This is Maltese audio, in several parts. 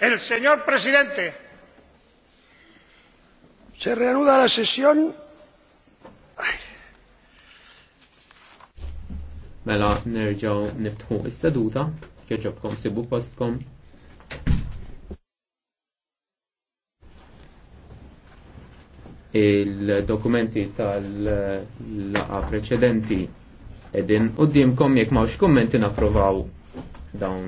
El señor presidente. Se reanuda la sesión. Mela, nerġaw niftħu is-seduta, kieġobkom sibu postkom. Il-dokumenti tal-laqa preċedenti edin u dimkom jek mawx kommenti naprovaw dawn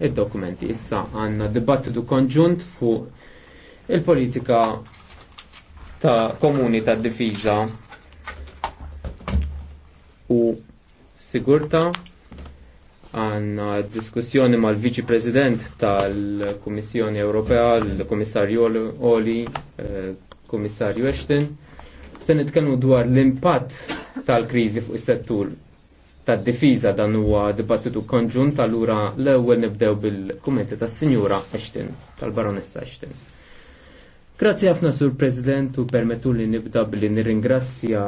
id-dokumenti. Issa għanna dibattitu konġunt fuq il-politika ta' komuni ta' difiża u sigurta għanna diskussjoni mal viċi President tal-Komissjoni Ewropea, l-Komissarju Oli, eh, Komissarju Eshten, se nitkellmu dwar l-impatt tal-kriżi fuq is-settur tad-difiża dan huwa dibattitu konġunt allura l-ewwel nibdew bil-kummenti tas-Sinjura Ashton tal-Baronessa Ashton. Grazzi ħafna Sur President u permettu li nibda billi nirringrazzja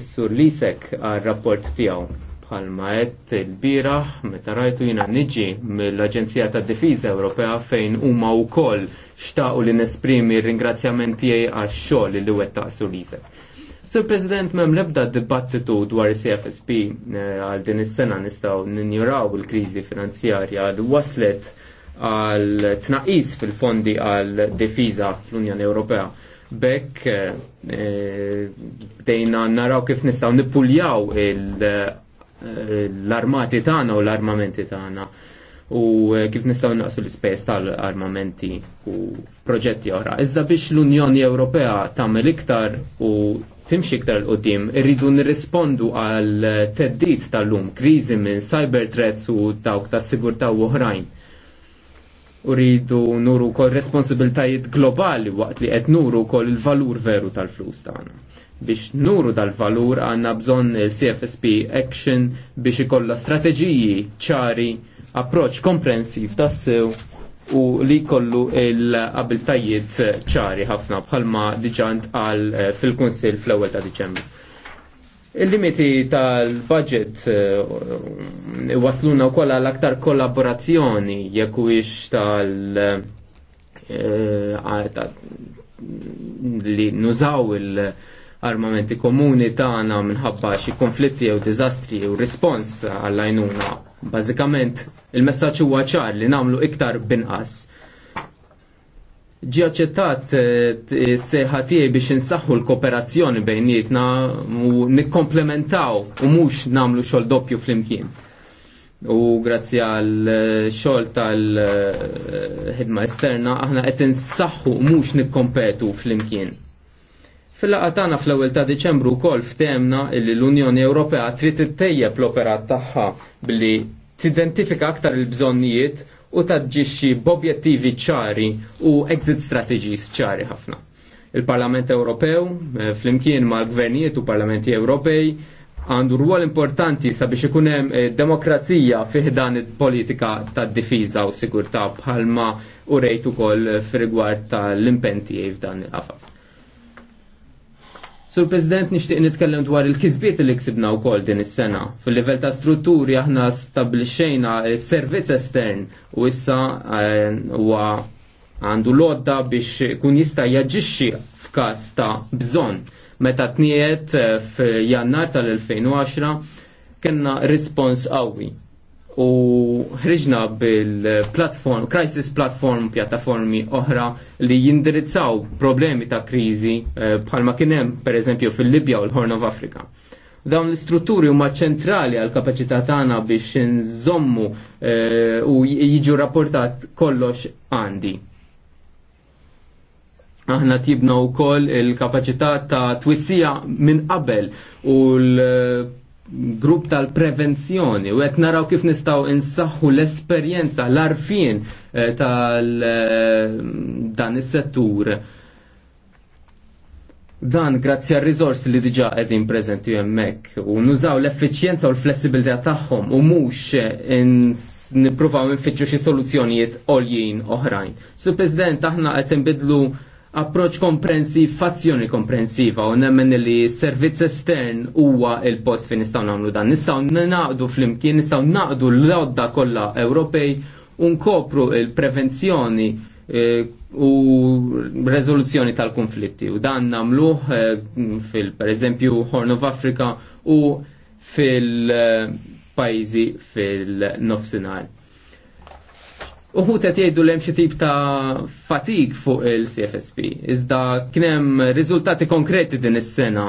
is-Sur Lisek għar-rapport tiegħu bħalma qed il-bieraħ meta rajtu jiena niġi mill-Aġenzija tad-Difiża Ewropea fejn huma wkoll xtaqu li nesprimi r-ringrazzjament tiegħi għax-xogħol li wettaq Sur Lisek. Sur President mem lebda dibattitu dwar CFSP eh, għal din is-sena nistgħu ninjuraw il-kriżi finanzjarja li waslet għal tnaqis fil-fondi għal defiża fl-Unjoni Ewropea. Bekk eh, eh, bdejna naraw kif nistgħu nippuljaw l-armati tagħna u l-armamenti tagħna u eh, kif nistgħu naqsu l ispejs tal-armamenti u proġetti oħra. Iżda biex l-Unjoni Ewropea tagħmel iktar u timxi iktar l qudiem irridu nirrispondu għal teddit tal-lum, kriżi minn cyber threats u dawk tas sigurtà u oħrajn. Uridu nuru kol responsabiltajiet globali waqt li qed nuru kol il-valur veru tal-flus tagħna biex nuru dal-valur għanna bżon il-CFSP Action biex ikolla strateġiji ċari approċ komprensiv tassew u li kollu il abiltajiet ċari ħafna bħalma diġant għal eh, fil-Kunsil fl-ewwel ta' Diċembru. Il-limiti tal-budget eh, wasluna u kolla l-aktar kollaborazzjoni jekk ix tal- eh, li nużaw il- armamenti komuni tagħna minħabba xi konflitti jew diżastri jew rispons għall-għajnuna. Bażikament il-messaġġ huwa ċar li nagħmlu iktar binqas. Ġi aċċettat eh, seħħa tiegħi biex insaħħu l-kooperazzjoni bejnietna u nikkomplementaw u mhux nagħmlu xogħol doppju flimkien u grazzi għal eh, xol tal-ħidma eh, esterna aħna qed insaħħu mhux nikkompetu flimkien. Fil-laqa tagħna fl-ewwel ta' Diċembru wkoll ftemna li l-Unjoni Ewropea trid tittejjeb l-operat tagħha billi tidentifika aktar il-bżonnijiet u taġġixxi b'objettivi ċari u exit strategies ċari ħafna. Il-Parlament Ewropew, eh, flimkien mal gvernijiet u parlamenti Ewropej, għandu rwol importanti sabiex ikun hemm eh, demokrazija fih dan il-politika tad difiża u sigurtà bħalma u rejt ukoll fir-rigward tal-impenti f'dan il-qafas. Sur President nixtieq nitkellem dwar il-kisbiet li ksibna wkoll din is-sena. Fil-livell ta' strutturi aħna stabbilixxejna servizz estern u issa eh, huwa għandu lodda biex kun jista' jaġixxi f'każ ta' bżonn. Meta tniet eh, f'Jannar tal-2010 kellna rispons qawwi u ħriġna bil-platform, crisis platform, pjattaformi oħra li jindirizzaw problemi ta' krizi eh, bħalma kienem, per eżempju, fil-Libja u l-Horn of Africa. Dawn l-istrutturi huma ċentrali għal kapaċità tagħna biex nżommu eh, u jiġu rapportat kollox għandi. Aħna tibna wkoll il-kapaċità ta' twissija minn qabel u l- grupp tal-prevenzjoni u għet naraw kif nistaw insaħħu l-esperienza, l-arfin eh, tal-dan eh, is-settur. Dan grazzi għal rizorsi li diġa għedin prezenti jemmek u nużaw l-effiċjenza u l-flessibilità tagħhom u mhux eh, nippruvaw infittxu xi soluzzjonijiet għoljin oħrajn. Su President aħna qed inbidlu approċ komprensiv, fazzjoni komprensiva u nemmen li servizz estern huwa il-post fi nistgħu nagħmlu dan. Nistgħu naqdu flimkien, nistgħu naqdu l-għodda kollha Ewropej u nkopru il-prevenzjoni eh, u rezoluzzjoni tal-konflitti. U dan namluħ eh, fil per eżempju Horn of Africa u fil-pajzi eh, fil-nofsinhar Uħu qed jgħidu l-hemm xi tip ta' fatig fuq il-CFSP, iżda kien hemm riżultati konkreti din is-sena.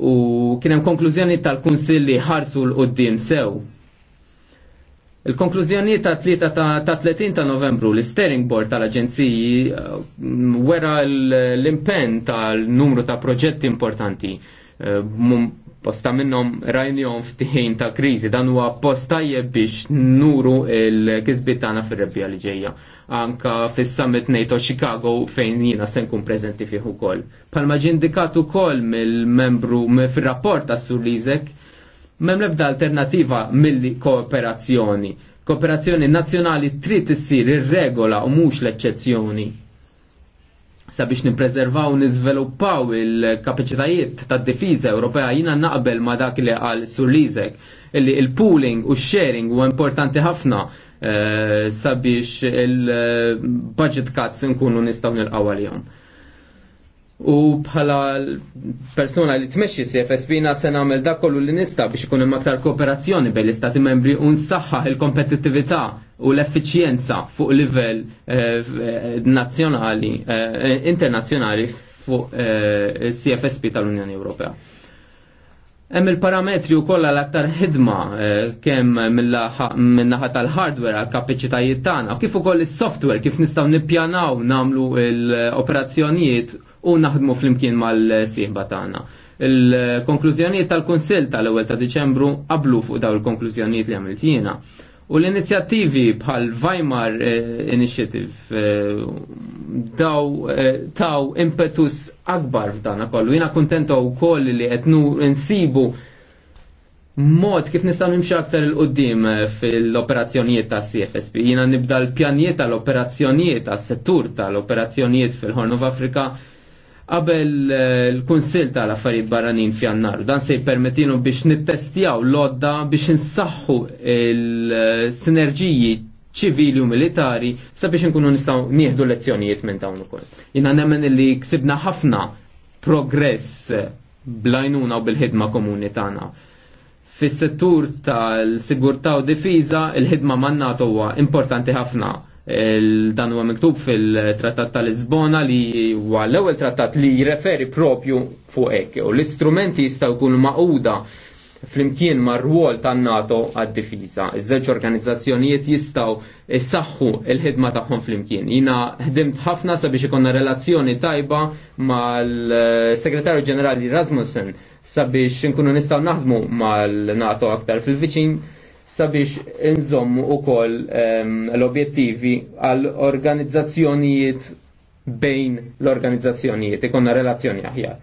U kien hemm konklużjoni tal-Kunsill li ħarsu l qudiem sew. Il-konklużjoni ta' ta' 30 ta' Novembru l-Steering Board tal-Aġenziji uh, wera l-impenn tal-numru ta' proġetti importanti uh, Posta minnom rajnjon ftiħin ta' krizi dan huwa posta biex nuru il-kizbit tagħna fir-rebbija li ġejja. Anka fis-summit NATO Chicago fejn jiena se nkun preżenti fih ukoll. Palma ġindikat indikat ukoll mill-membru fir-rapport ta' Sur Lizek, m'hemm l-ebda alternativa milli kooperazzjoni. Kooperazzjoni nazzjonali trid issir ir-regola u mhux l-eċċezzjoni sabiex nipreservaw niżviluppaw il-kapaċitajiet tad-difiża Ewropea jina naqbel ma dak li għal surlizek illi il-pooling u sharing u importanti ħafna eh, sabiex il-budget eh, cuts nkunu nistaw nil-qawal jom u bħala persona li tmexxi CFSB na se nagħmel dak kollu li nista' biex ikun hemm aktar kooperazzjoni bejn l-istati membri u nsaħħaħ il-kompetittività u l-effiċjenza fuq livell eh, eh, nazzjonali eh, internazzjonali fuq CFSB tal-Unjoni Ewropea. Hemm il-parametri wkoll għall aktar ħidma kemm min-naħa tal-hardware għal kapaċitajiet tagħna, kif ukoll is-software kif nistgħu nippjanaw nagħmlu l-operazzjonijiet u naħdmu flimkien mal-sieħba tagħna. Il-konklużjonijiet tal-Kunsill tal-ewwel ta' Diċembru qablu fuq dawn il-konklużjonijiet li għamilt jiena. U l-inizjattivi bħal Weimar eh, Initiative eh, daw eh, taw impetus akbar f'dana kollu. Jiena kuntenta wkoll li qed insibu mod kif nistgħu nimxu aktar il qudiem fil-operazzjonijiet ta' CFSP. Jiena nibda l-pjanijiet tal-operazzjonijiet tas settur tal-operazzjonijiet fil-Horn of Africa qabel eh, l-Kunsil tal-Affarijiet Barranin f'Jannar. Dan se jippermettinu biex nittestjaw l-odda biex insaħħu l-sinerġiji ċivili u militari sabiex nkunu nistgħu nieħdu lezzjonijiet minn dawn ukoll. Jiena nemmen li ksibna ħafna progress blajnuna u bil-ħidma komuni tagħna fis-settur tal-sigurtà u difiża il-ħidma man-NATO huwa importanti ħafna dan huwa miktub fil-Trattat tal-Lisbona li huwa l-ewwel trattat li jirreferi propju fuq hekk. U l-istrumenti jistgħu jkunu maquda flimkien mar rwol tan-NATO għad-difiża. Iż-żewġ organizzazzjonijiet jistgħu isaħħu l-ħidma tagħhom flimkien. Jina ħdimt ħafna sabiex ikonna relazzjoni tajba mal-Segretarju Ġenerali Rasmussen sabiex nkunu nistgħu naħdmu mal-NATO aktar fil-viċin sabiex nżommu u koll ehm, l-objettivi għal organizzazzjonijiet bejn l-organizzazzjonijiet, ikonna relazzjoni aħjar.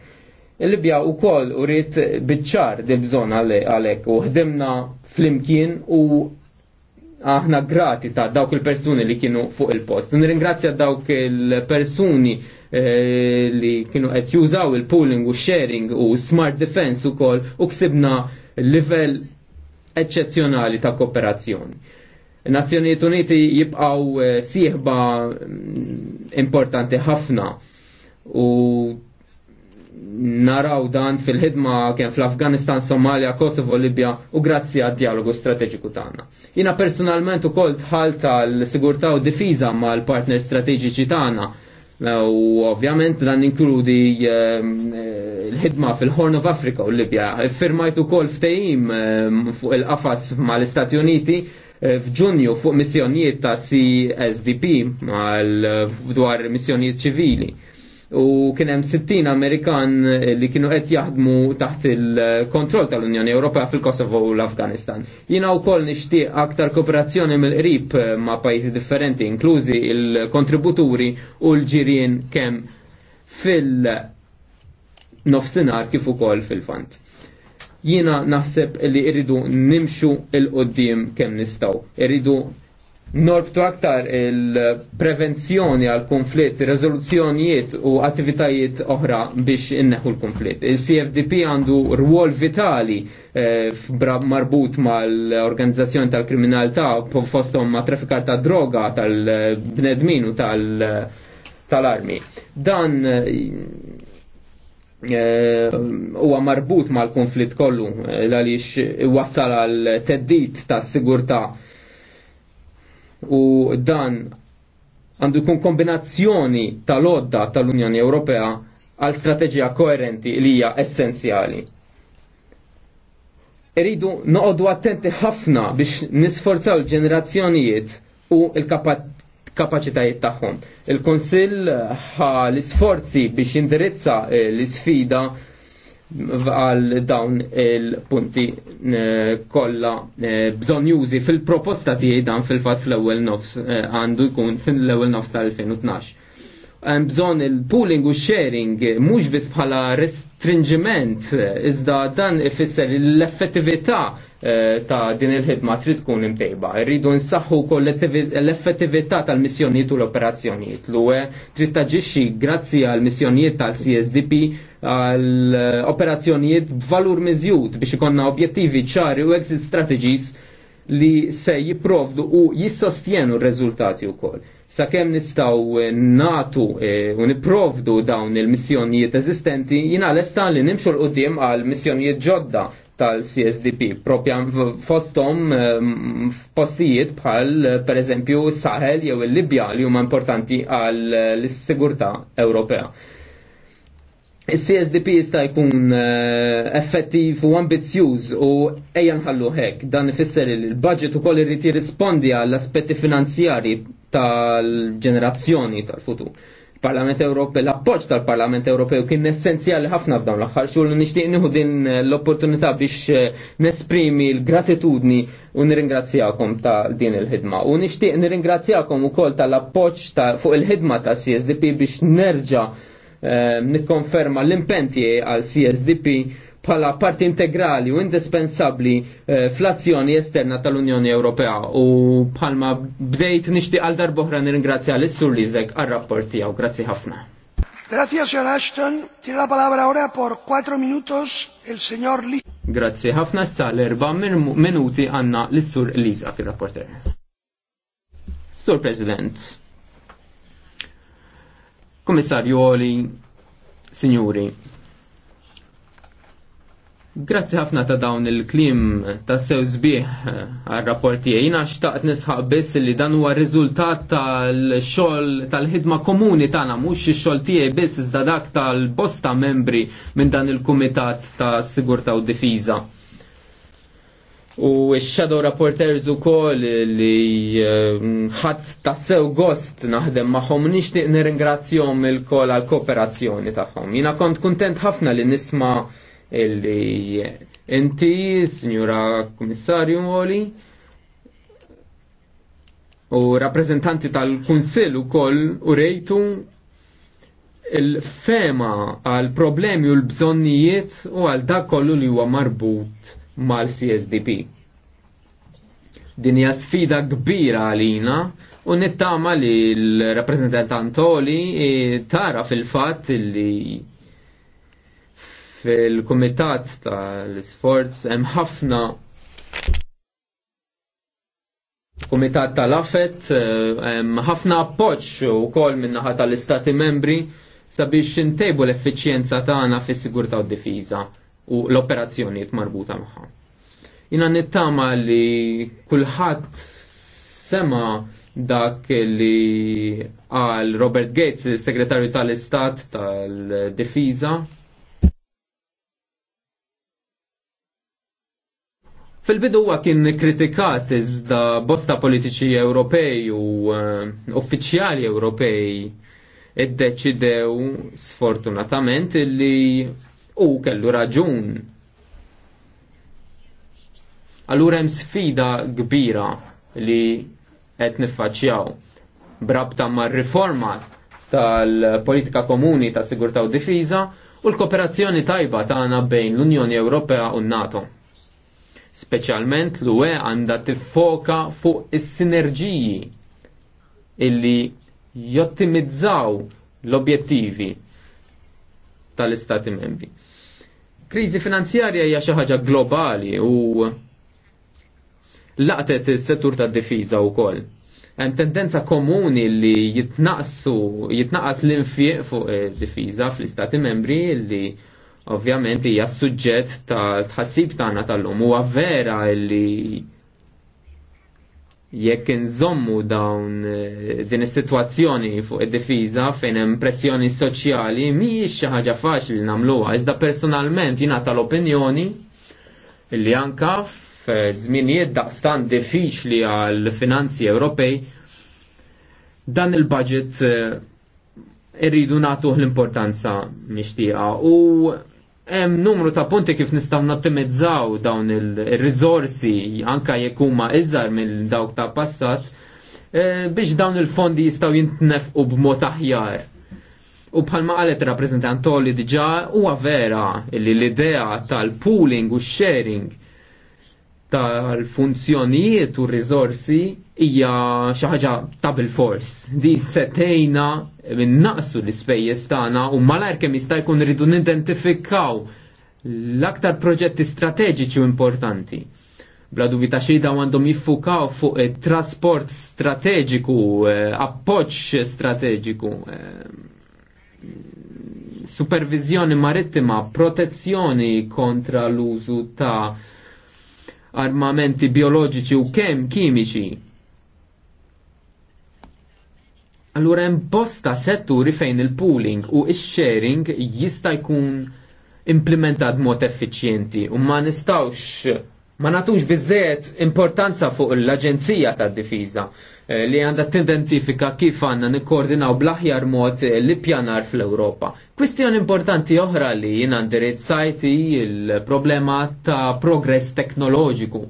Il-Libja u koll u rrit bitċar dil-bżon għalek u ħdimna fl-imkien u aħna grati ta' dawk il-persuni li kienu fuq il-post. Nirringrazzja dawk il-persuni eh, li kienu qed jużaw il-pooling u sharing u smart defense u koll u ksibna livell eccezjonali ta' kooperazzjoni. Nazzjonijiet Uniti jibqaw eh, sieħba mm, importanti ħafna u naraw dan fil-ħidma kien fl-Afganistan, Somalia, Kosovo, Libja u grazzi għad dialogu strateġiku tagħna. Jina personalment ukoll tħal l sigurtà u difiża mal-partner strateġiċi tagħna U ovvjament dan inkludi ehm, eh, l-ħidma fil-Horn of Africa u Libja. Firmajt ukoll ftehim ehm, fuq il-qafas mal istati Uniti eh, f'Ġunju fuq missjonijiet ta' CSDP dwar missjonijiet ċivili u kien hemm 60 Amerikan li kienu qed jaħdmu taħt il-kontroll tal-Unjoni Ewropea fil-Kosovo u l-Afganistan. Jiena wkoll nixtieq aktar kooperazzjoni mill-qrib ma' pajjiżi differenti, inklużi il-kontributuri u l-ġirien kemm fil-nofsinhar kif ukoll fil-fant. Jiena naħseb li irridu nimxu il-qoddim kemm nistgħu. Irridu norbtu aktar il-prevenzjoni għal konflitt, rezoluzzjonijiet u attivitajiet oħra biex inneħu l-konflitt. Il-CFDP għandu rwol vitali eh, marbut mal-organizzazzjoni tal-kriminalità fostom ma' trafikar ta' droga, tal-bnedmin u tal-armi. Dan eh, eh, huwa marbut mal-konflitt kollu eh, għaliex wassal għal teddit ta' sigurta' u dan għandu jkun kombinazzjoni tal-odda tal-Unjoni Ewropea għal strategija koerenti li hija essenzjali. Iridu noqogħdu attenti ħafna biex nisforzaw il-ġenerazzjonijiet u il-kapaċitajiet tagħhom. Il-Konsill ħa l-isforzi biex indirizza eh, l-isfida għal dawn il-punti eh, kolla eh, bżonjużi fil-proposta tiegħi dan fil-fatt fl-ewwel nofs eh, għandu jkun fil-ewwel nofs tal-2012. Hemm bżonn il-pooling u sharing mhux biss bħala restringiment iżda dan ifisser l-effettività Eh, ta' din il-ħidma trid tkun imtejba. Irridu nsaħħu wkoll l-effettività tal-missjonijiet u l-operazzjonijiet. L-UE trid taġixxi grazzi għal missjonijiet tal-CSDP għal eh, operazzjonijiet b'valur miżjud biex ikonna objettivi ċari u exit strategies li se jiprovdu u jissostjenu r riżultati wkoll. Sakemm nistgħu eh, natu u niprovdu dawn il-missjonijiet eżistenti, jina l li nimxu l-qudiem għal missjonijiet ġodda tal-CSDP, Propjan fostom ehm, f'postijiet bħal per eżempju Sahel jew il-Libja li huma importanti għal l sigurta Ewropea. Il-CSDP jista' jkun eh, effettiv u ambizzjuż u ejja nħallu hekk. Dan ifisser li l-budget ukoll irid jirrispondi għall aspetti finanzjari tal-ġenerazzjoni tal-futur. Parlament Ewropew, l-appoġġ tal-Parlament Ewropew kien essenzjali ħafna f'dawn l-aħħar xhur nixtieq nieħu din eh, l-opportunità biex eh, nesprimi l-gratitudni u nirringrazzjakom ta' din il-ħidma. U nixtieq nirringrazzjakom ukoll tal-appoġġ ta' fuq il-ħidma ta' CSDP biex nerġa' eh, nikkonferma l-impentje għal CSDP bħala parti integrali u indispensabbli eh, fl-azzjoni esterna tal-Unjoni Ewropea u bħalma bdejt nixtieq għal nir nirringrazzja l sur Lizek għal-rapport tiegħu. Grazzi ħafna. Grazie, signor Ashton. Tiene la palabra ora por 4 minutos il signor Li. Grazzi ħafna sa l-erba minuti għanna l-sur Lizak, il-rapporter. Sur President, Komissarju Oli, Signori, Grazzi ħafna ta' dawn il-klim ta' sew sbieħ eh, għal-rapporti. Jina xtaqt nisħaq biss li dan huwa riżultat tal-xogħol tal-ħidma komuni tagħna mhux ix-xogħol tiegħi biss iżda dak tal-bosta membri minn dan il-Kumitat ta' Sigurtà u Difiża. U x-shadow rapporters ukoll li eh, ħadd tas-sew gost naħdem magħhom nixtieq nirringrazzjahom il-kol għall-kooperazzjoni tagħhom. Jiena kont kuntent ħafna li nisma' illi inti, signora Kommissarju Moli, u rappresentanti tal-Kunsill ukoll u rejtu il-fema għal problemi u l-bżonnijiet u għal dak kollu li huwa marbut mal-CSDP. Din hija sfida kbira għalina u nittama li l-rappresentant Antoli eh, tara fil-fatt li fil-kumitat tal-sforz hemm ħafna kumitat tal-afet eh, hemm ħafna appoġġ ukoll min-naħa tal-istati membri sabiex intejbu l-effiċjenza tagħna fis-sigurtà u d-difiża u l-operazzjonijiet marbuta magħha. Jina nittama li kulħadd sema dak li għal Robert Gates, segretarju tal-Istat tal-Difiża, Fil-bidu huwa kien kritikat iżda bosta politiċi Ewropej u eh, uffiċjali Ewropej iddeċidew sfortunatament li u kellu raġun. Allura hemm sfida kbira li qed niffaċċjaw brabta mar-riforma tal-politika komuni ta' sigurtà u difiża u l-kooperazzjoni tajba tagħna bejn l-Unjoni Ewropea u n-NATO. Speċjalment l-UE għandha tiffoka fuq is-sinerġiji illi jottimizzaw l-objettivi tal-Istati membri. Kriżi finanzjarja hija xi ħaġa globali u laqtet is-settur tad-difiża wkoll. Hemm tendenza komuni li jitnaqsu jitnaqas l-infiq fuq difiża fl-Istati membri li ovvjament hija suġġett ta' tħassib tagħna tal-lum huwa vera li jekk inżommu dawn eh, din is-sitwazzjoni fuq id-difiża fejn hemm pressjoni soċjali mhijiex xi ħaġa faċli nagħmluha, iżda personalment jiena tal-opinjoni li anka f'żminijiet daqstan diffiċli għal finanzi Ewropej dan il-budget eh, irridu nagħtuh l-importanza mixtieqa u Hemm numru ta' punti kif nistgħu nottimizzaw dawn il-riżorsi anka jekk huma iżgħar mill dawk ta' passat eh, biex dawn il-fondi jistgħu jintnefqu b'mod aħjar. U bħalma qalet rappreżentant Tolli diġà huwa vera li l-idea tal-pooling u sharing tal-funzjonijiet u r-rizorsi hija xi ħaġa ta' bil-fors. Di setejna minn naqsu l-ispejjeż tagħna u malajr kemm jista' jkun rridu nidentifikaw l-aktar proġetti strateġiċi u importanti. Bla dubi ta' xejda għandhom jiffukaw fuq trasport strateġiku, eh, appoċ strateġiku, eh, supervizjoni marittima, protezzjoni kontra l-użu ta' armamenti bioloġiċi u kemm kimiċi. Allura hemm bosta setturi fejn il-pooling u x-sharing jista' jkun implementat mod effiċjenti u ma nistawx ma natux bizzet importanza fuq l-Aġenzija tad difiża eh, li għandha tidentifika kif għandna nikkoordinaw bl-aħjar mod eh, li pjanar fl-Ewropa. Kwistjoni importanti oħra li jien sajti il-problema ta' progress teknoloġiku.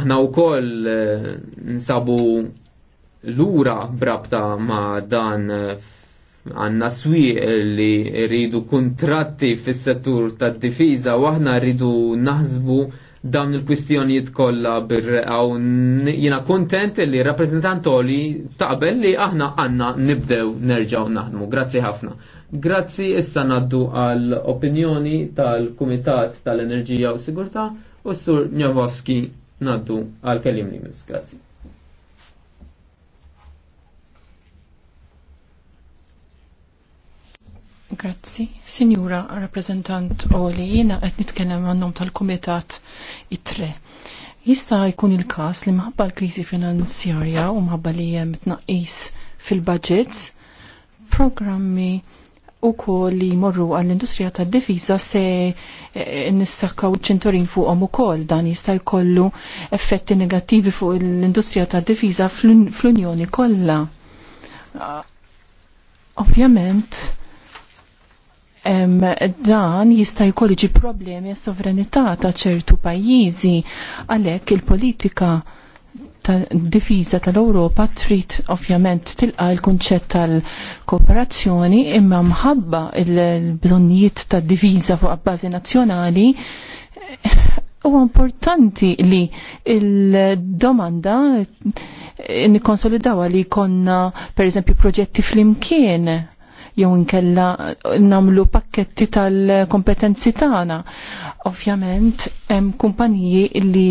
Aħna wkoll eh, nsabu lura brabta ma' dan għanna swieq li rridu kontratti fis-settur tad-difiża u aħna rridu naħsbu dawn il-kwistjonijiet kollha bir-reqaw jiena kuntent li rappreżentantoli taqbel li aħna għandna nibdew nerġgħu naħdmu. Grazzi ħafna. Grazzi issa naddu għal opinjoni tal-Kumitat tal-Enerġija u Sigurtà u s-Sur Njavowski naddu għal kelim li Grazzi. Grazzi. Sinjura rappresentant Oli, jena qed nitkellem għannom tal-Kumitat it-tre. Jista' jkun il-każ li maħabba l-kriżi finanzjarja u maħabba li hemm tnaqqis fil-budgets, programmi u kol li morru għall-industrija tad difiża se u eh, ċinturin fuqhom ukoll dan jista' jkollu effetti negattivi fuq l-industrija tad difiza fl-Unjoni kollha. Ovvjament, Em, dan jista' jkolliġi problemi għas sovranità ta' ċertu pajjiżi għalhekk il-politika ta' difiża tal-Ewropa trid ovvjament tilqa l-kunċett tal-kooperazzjoni imma mħabba l-bżonnijiet tad diviża fuq bażi nazzjonali huwa importanti li il-domanda nikkonsolidaw li konna per eżempju proġetti flimkien jew inkella namlu pakketti tal-kompetenzi tagħna. Ovvjament hemm kumpaniji li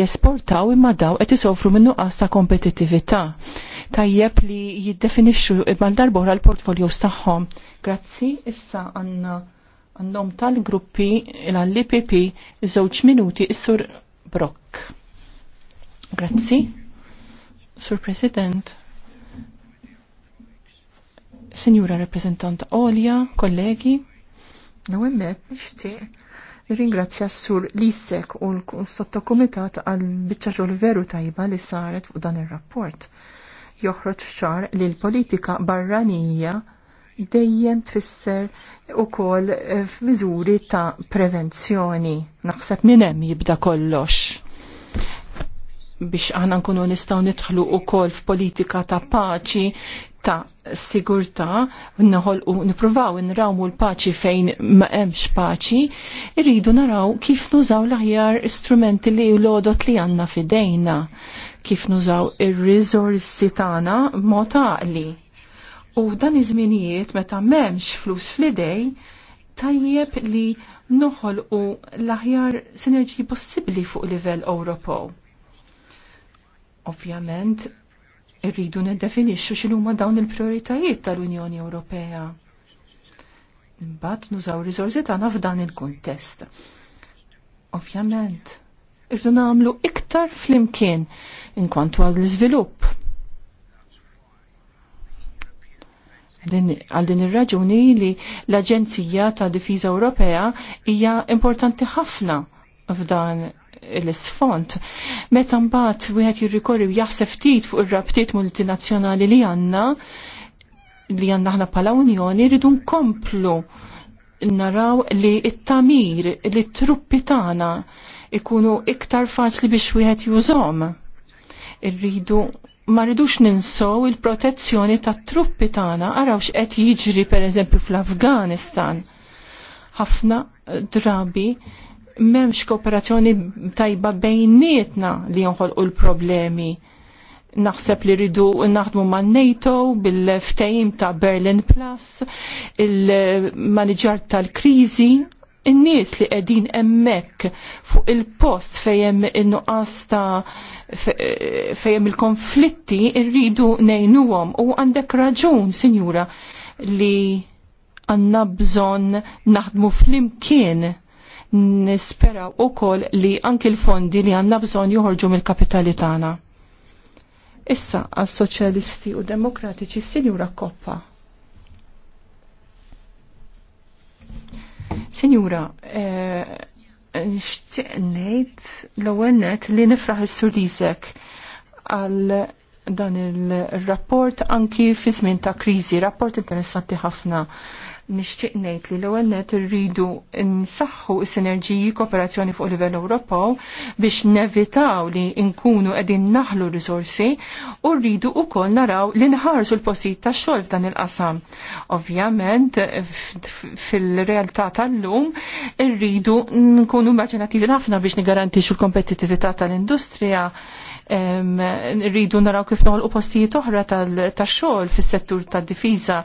jesportaw imma daw qed isofru minn ta' kompetittività. Tajjeb li jiddefinixxu mal darbora l-portfolios tagħhom. Grazzi, issa għandna għandhom tal-gruppi l-IPP żewġ minuti is-sur Brock. Grazzi. Sur President Signora Rappresentant Olja, kollegi, nawennet nixtieq ringrazzja s-sur Lisek u l-sottokomitat għal biċċa xogħol veru tajba li saret fuq dan ir-rapport. Joħroġ xar li l-politika barranija dejjem tfisser ukoll eh, mizuri ta' prevenzjoni. Naħseb minn hemm jibda kollox biex aħna nkunu nistgħu nidħlu wkoll f'politika ta' paċi ta' sigurta naħol u nipruvaw nrawmu l-paċi fejn ma' emx paċi, irridu naraw kif nużaw l-aħjar strumenti li u lodot li għanna fidejna, kif nużaw ir-rizorsi tagħna mod għaqli. U dan iż-żminijiet meta m'hemmx flus fl-idej, tajjeb li noħol u l-aħjar sinerġiji possibbli fuq livell Ewropew. Ovvjament, Irridu niddefinixxu x'ilhuma dawn il-prioritajiet tal-Unjoni Ewropea. Imbagħad nużaw riżorsi tagħna f'dan il-kuntest. Ovvjament, irridu nagħmlu iktar flimkien inkwantu għal iżvilupp Għal din ir-raġuni li l-Aġenzija ta' Difiża Ewropea hija importanti ħafna f'dan l-sfond. Meta mbagħad wieħed jirrikorri jaħseb ftit fuq ir-rabtiet multinazzjonali li għandna li għandna aħna bħala Unjoni rridu nkomplu naraw li t tamir li t-truppi tagħna ikunu iktar faċli biex wieħed jużom. Irridu ma rridux ninsow il-protezzjoni tat-truppi tagħna araw x'qed jiġri pereżempju fl-Afganistan. Ħafna drabi memx kooperazzjoni tajba bejnietna li jonħolqu l-problemi. Naħseb li ridu naħdmu ma' NATO bil-ftejim ta' Berlin Plus, il-manager tal-krizi, in-nies li qegħdin hemmhekk fuq il-post fejn in-nuqqas ta' fejjem il-konflitti rridu ngħinuhom u għandek raġun, sinjura, li għandna bżonn naħdmu flimkien nisperaw ukoll li anki l-fondi li għandna bżonn joħorġu mill-kapitali tagħna. Issa għas soċjalisti u demokratiċi Sinjura Koppa. Sinjura, eh, nixtieq ngħid l-ewwel li nifraħ s sur għal dan il-rapport anki fi żmien ta' kriżi, rapport interessanti ħafna nixtieq ngħid li l-ewwel net irridu nsaħħu s-sinerġiji kooperazzjoni fuq livell Ewropew biex nevitaw li nkunu qegħdin naħlu risorsi u rridu wkoll naraw li nħarsu l-postijiet tax-xogħol f'dan il-qasam. Ovvjament fil-realtà tal-lum irridu nkunu immaġinattivi ħafna biex nigarantixxu l-kompetittività tal-industrija rridu naraw kif noħolqu postijiet oħra tax-xogħol fis-settur tad-difiża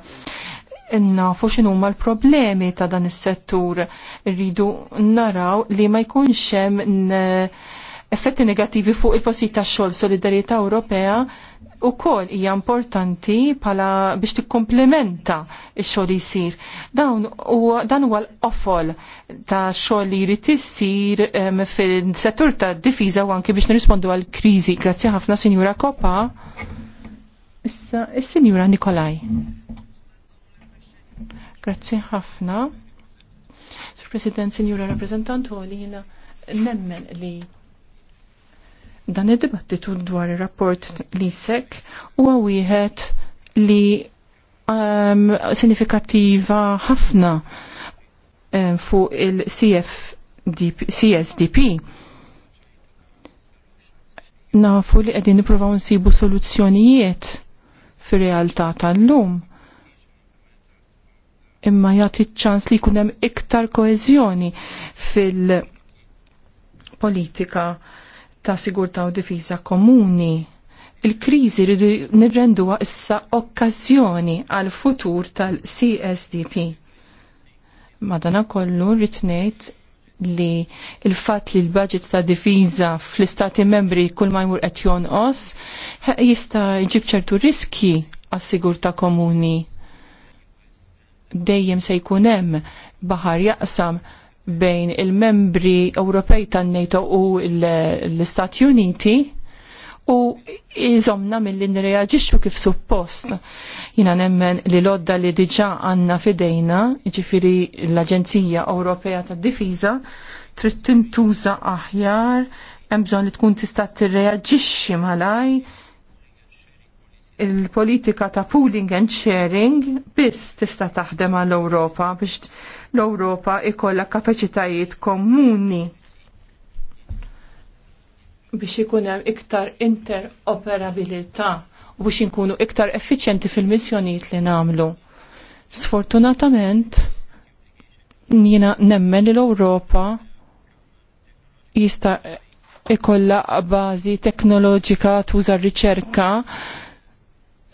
nafu x'inhuma l-problemi ta' dan is-settur. Rridu naraw li ma jkunx hemm effetti negativi fuq il posti tax-xogħol solidarietà Ewropea u kol hija importanti pala biex tikkomplementa x-xogħol jisir. Dawn u dan huwa l-qofol ta' xogħol li jrid issir um, fil-settur ta' difiża u anke biex nirrispondu għal kriżi. Grazzi ħafna Sinjura Koppa. Issa is-Sinjura Nikolaj. Grazzi ħafna. Sur President, Sinjura Rappresentant, li jina nemmen li dan id-dibattitu dwar il-rapport l sekk u għawijħet li um, ehm, sinifikativa ħafna um, ehm, fuq il-CSDP nafu li għedin niprofaw nsibu soluzzjonijiet fir realtà tal-lum imma jagħti ċans li jkun hemm iktar koeżjoni fil-politika ta' sigurtà u difiża komuni. Il-kriżi rridu nirrenduha issa okkażjoni għal futur tal-CSDP. Madana kollu ngħid li il-fat li l-budget ta' difiża fl-istati membri kull ma jmur qed jonqos jista' jġib ċertu riski għas-sigurtà komuni dejjem se jkun hemm baħar jaqsam bejn il-membri Ewropej tan-NATO u l-Istati Uniti u iżomna mill-li kif suppost. Jina nemmen li lodda li diġa għanna fidejna, ġifiri l-Aġenzija Ewropea tad difiża trid tintuża aħjar, hemm bżonn li tkun tista' tirreaġixxi malaj il-politika ta' pooling and sharing biss tista' taħdem għall europa biex l-Europa ikolla kapaċitajiet komuni biex ikun hemm iktar interoperabilità u biex inkunu iktar effiċjenti fil-missjonijiet li nagħmlu. Sfortunatament jiena nemmen li l-Ewropa jista' ikolla bażi teknoloġika tuża r-riċerka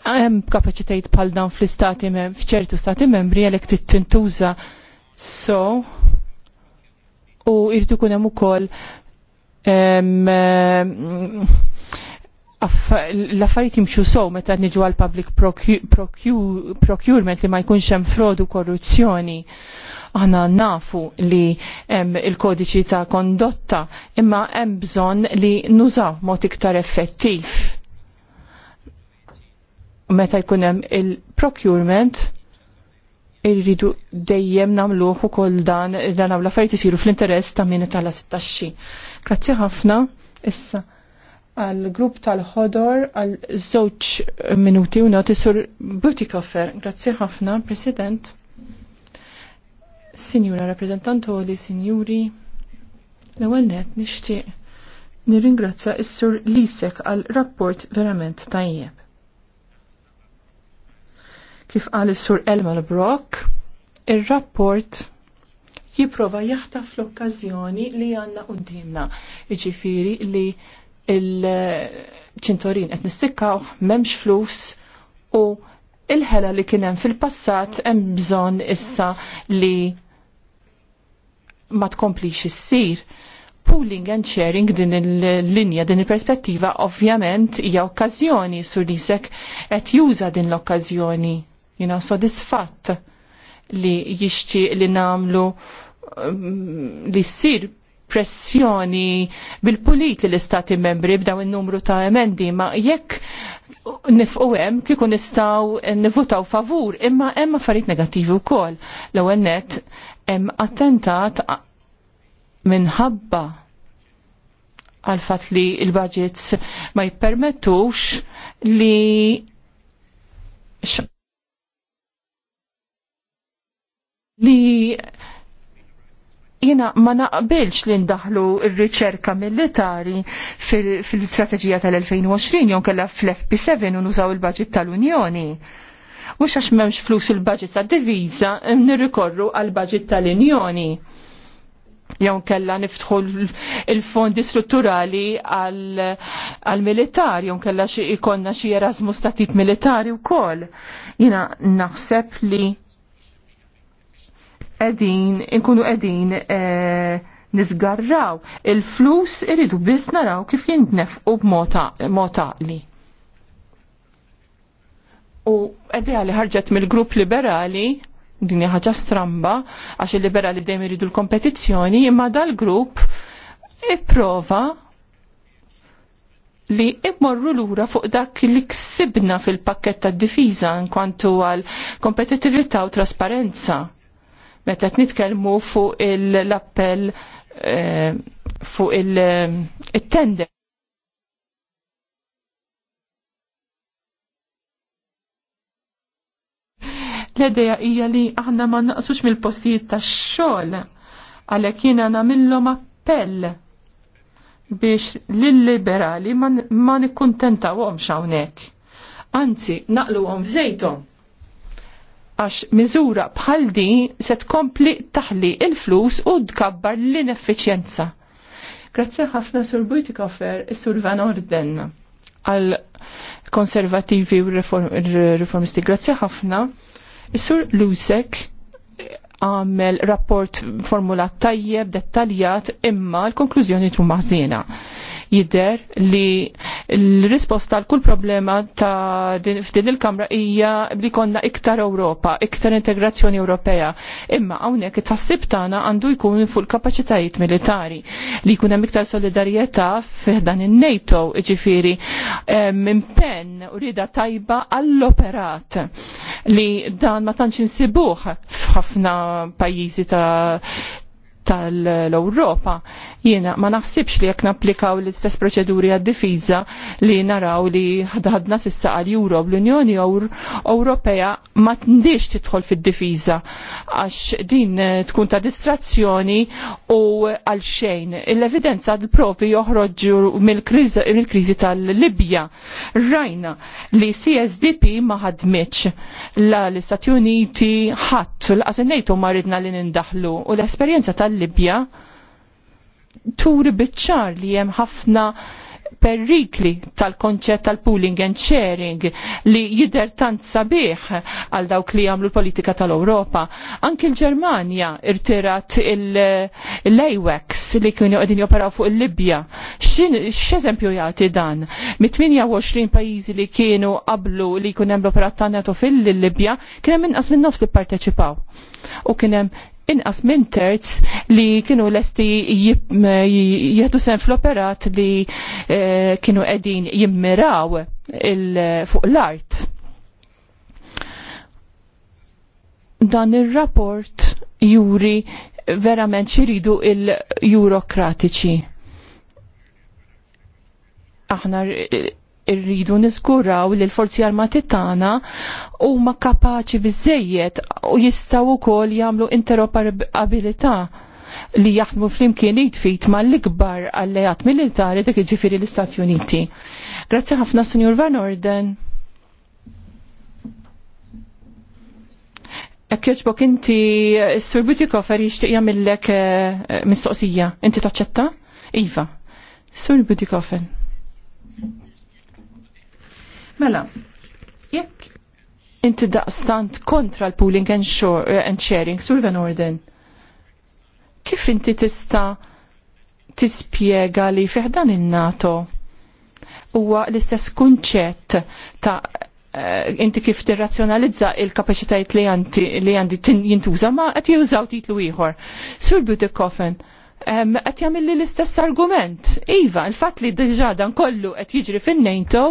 hemm kapaċitajiet bħal dawn fl-istati f'ċertu stati membri għalhekk trid tintuża so u jrid ikun hemm ukoll l-affarijiet jimxu sow meta niġu għal public procurement li ma jkunx hemm frodu korruzzjoni. Aħna nafu li il-kodiċi ta' kondotta imma hemm bżonn li nuża mod iktar effettiv meta jkun hemm il-procurement irridu dejjem nagħmluh ukoll dan dan nagħmlu affarijiet isiru fl-interess ta' min tala sittaxxi. Grazzi ħafna issa għal grupp tal-ħodor għal żewġ minuti u nagħti sur Koffer. Grazzi ħafna, President. Sinjura rappresentantoli, sinjuri, l-ewwel net nixtieq nirringrazzja s-sur Lisek għal rapport verament tajjeb Kif qal is-Sur Elman Brock, ir-rapport jipprova jaħtaf l-okkażjoni li għandna qudiemna. Jiġifieri li il-ċintorin qed nistikkawh m'hemmx flus u il-ħela li kien hemm fil-passat hemm bżonn issa li ma tkomplix issir. Pooling and sharing din il-linja, din il-perspettiva ovvjament hija okkażjoni sur lisek qed juża din l-okkażjoni jina sodisfatt li jixti li namlu um, li s-sir pressjoni bil polit li l-istati membri b'daw il-numru ta' emendi, ma jekk nifqu hemm kieku nistgħu nivutaw favur, imma hemm affarijiet negattivi wkoll. L-ewwel nett hemm attentat minħabba għal fatt li l-budgets ma jippermettux li li jina ma naqbilx li ndaħlu il-riċerka militari fil-strategija tal-2020 jon kella fl-FP7 u nużaw il-budget tal-Unjoni. Mux għax memx flus il-budget tal-diviza, nirrikorru għal-budget tal-Unjoni. Jon kella niftħu il-fondi strutturali għal-militar, jon kella xie ikonna xie Erasmus ta' tip militari u kol. Jina naħseb li edin, inkunu edin e, nizgarraw. Il-flus iridu biss naraw kif jindnef u b'mota li. U edja li ħarġet mill-grupp liberali, din ħaġa stramba, għax il-liberali dejjem iridu l-kompetizzjoni, imma dal-grupp ipprova li immorru lura fuq dak li ksibna fil-pakket difiza difiża kwantu għal kompetitività u trasparenza meta qed nitkellmu fuq l-appell eh, fuq eh, il-tender. l ideja hija li aħna ma naqsux mill-postijiet tax-xogħol għalhekk jiena nagħmilhom appell biex lill-liberali ma nikkuntentawhomx hawnhekk. Anzi, naqluhom f'żejthom għax miżura bħal din se tkompli taħli il-flus u tkabbar l-ineffiċjenza. Grazzi ħafna sur Bujtikofer e sur Van Orden għal konservativi u reformisti. Grazzi ħafna. Sur Lusek għamel rapport formulat tajjeb, dettaljat, imma l-konklużjoni tu maħzina jider li l-risposta tal kull problema ta' f'din il-Kamra hija li konna iktar Ewropa, iktar integrazzjoni Ewropea. Imma hawnhekk it-tassib tagħna għandu jkun fuq kapaċitajiet militari li jkun hemm iktar solidarjetà f'dan in-NATO, jiġifieri, minn impenn u rida tajba għall-operat li dan ma tantx insibuh f'ħafna pajjiżi ta' tal-Europa. Jiena ma naħsibx li jekk napplikaw l-istess proċeduri għad-difiża li naraw li ħadna sissa għal Euro l-Unjoni Ewropea ma tndix tidħol fid-difiża għax din tkun ta' distrazzjoni u għal xejn. L-evidenza għad provi joħroġu mill-kriżi tal-Libja. Rajna li CSDP ma ħadmitx l-Istati Uniti ħadd l-qasin ma ridna li nindaħlu u l-esperjenza tal-Libja turi bitċar li hemm ħafna perrikli tal-konċett tal-pooling and sharing li jider tant sabiħ għal dawk li għamlu l-politika tal-Europa. Anki l-Germania irtirat l-AWEX li kienu għedin joperaw fuq il-Libja. X'eżempju jagħti dan? Mit-28 pajjiżi li kienu qablu li jkun hemm l-operat tagħna fil-Libja kien hemm inqas minn nofs li parteċipaw. U kienem inqas minn terz li kienu lesti jieħdu sen fl-operat li eh, kienu qegħdin jimmiraw fuq l-art. Dan ir-rapport juri verament xiridu il jurokratiċi Aħna irridu niżguraw li l-forzi armati tagħna huma kapaċi biżejjed u jistgħu wkoll jagħmlu interoperabilità li jaħdmu flimkien jitfit ma l-ikbar alleat militari dik iġifiri l-Istati Uniti. Grazzi ħafna Sinjur Van Orden. Ekkjoġbok inti s-Sur Butikofer jixtieq jagħmillek eh, mistoqsija. Inti taċċetta? Iva. Sur Butikofer. Mela, jekk inti daqstant kontra l-pooling and, eh, and sharing, Sur Van Orden, kif inti tista tispiega li fiħdan il-NATO huwa l-istess kunċett ta' eh, inti kif tirrazzjonalizza il kapacitajt li għandi jintuża ma qed jużaw titlu ieħor. Sur Beauty Coffin, qed jagħmel li l-istess argument. Iva, il fat li diġà dan kollu qed jiġri fin-NATO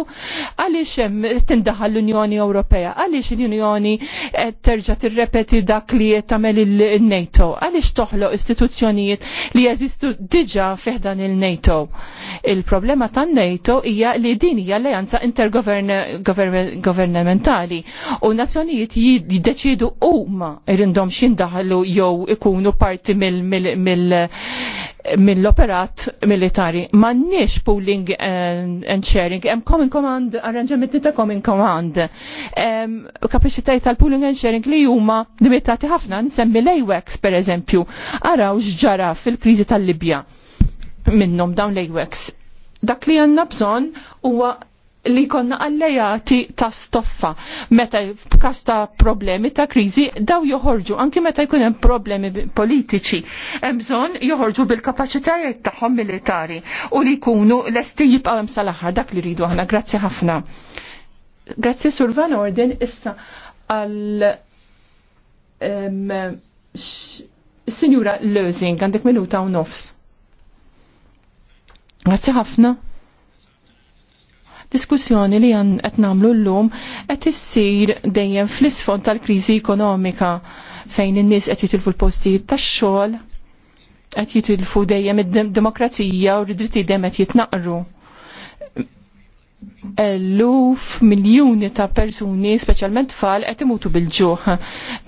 għaliex hemm tindaħal l-Unjoni Ewropea, għaliex l-Unjoni qed terġa' tirrepeti dak li qed tagħmel il-NATO, għaliex toħloq istituzzjonijiet li jeżistu diġà fih dan il-NATO. Il-problema tan-NATO hija li din hija alleanza intergovernamentali u nazzjonijiet jiddeċidu huma irindhom x'indaħlu jew ikunu parti mill mill-operat militari. nix pooling and sharing, hemm common command, arranġamenti ta' common command. Kapaċitajiet tal-pooling and sharing li huma limitati ħafna, nsemmi l-AWEX per eżempju, araw x'ġara fil-kriżi tal-Libja minnhom dawn l-AWEX. Dak li għandna bżonn huwa li konna allejati ta' stoffa. Meta kasta ta' problemi ta' krizi daw joħorġu, anki meta jkun hemm problemi politiċi. Hemm bżonn joħorġu bil-kapaċitajiet tagħhom militari u li jkunu lesti jibqgħu hemm sal-aħħar dak li rridu aħna. Grazzi ħafna. Grazzi Sur Van Orden issa għal Sinjura Lözing, għandek minuta u nofs. Grazzi ħafna. Diskussjoni li għan qed nagħmlu llum qed issir dejjem fl-isfond tal-kriżi ekonomika fejn in-nies qed jitilfu l-postijiet tax-xogħol, qed jitilfu dejjem id-demokrazija u r-dritti dejjem qed jitnaqru eluf miljuni ta' persuni, speċjalment tfal, qed imutu bil-ġuħ.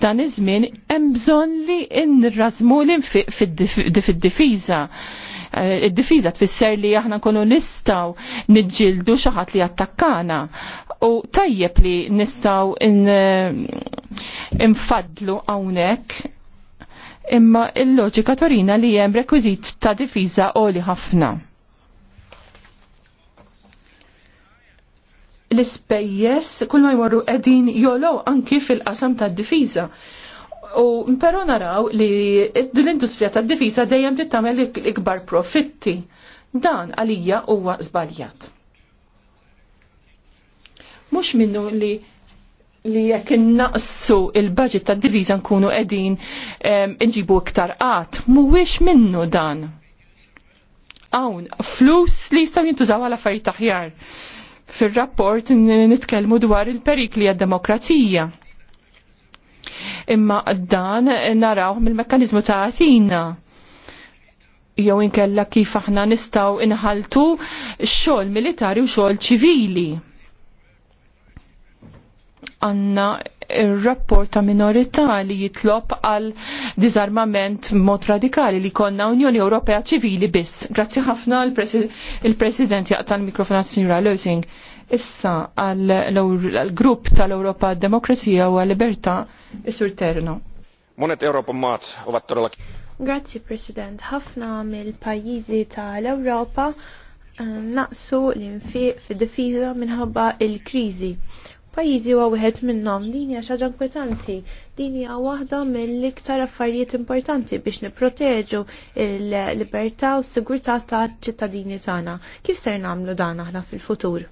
Dan iż-żmien hemm bżonn li nrazmu l fid-difiża. Dif Eh, id-difiża tfisser li aħna nkunu nistgħu niġġieldu xi ħadd li attakkana u tajjeb li nistgħu eh, infadlu hawnhekk imma il-loġika torina li hemm rekwiżit ta' difiża għoli ħafna. L-ispejjeż kull ma jmorru qegħdin jolo anki fil-qasam tad-difiża U pero naraw li l-industrija tad difisa dejjem tamel tagħmel ikbar profitti. Dan għalija huwa żbaljat. Mhux minnu li li jekk innaqsu il-budget tad diviża nkunu qegħdin inġibu iktar qatt, mhuwiex minnu dan. Hawn flus li jistgħu jintużaw għal affarijiet aħjar. Fir-rapport nitkellmu dwar il-perikli għad-demokrazija imma dan naraw mill-mekkanizmu ta' għatina jew inkella kif aħna nistgħu inħaltu xogħol militari u xogħol ċivili. Għanna il-rapport ta' minorità li jitlob għal disarmament mod radikali li konna Unjoni Ewropea ċivili biss. Grazzi ħafna il-President jaqta' l-mikrofon għas Lösing. Issa għal-grupp tal-Europa Demokrazija u għal-Liberta Isur Terno. Monet Europa Mat u għattorlak. Grazzi, President. ħafna mill-pajizi tal-Europa eh, naqsu l-infiq fid difiza minħabba il-kriżi pajjiżi huwa wieħed minnhom din hija xi ħaġa inkwetanti. Din hija waħda mill-iktar affarijiet importanti biex nipproteġu l-libertà u s-sigurtà taċ-ċittadini tagħna. Kif ser nagħmlu dan aħna fil-futur?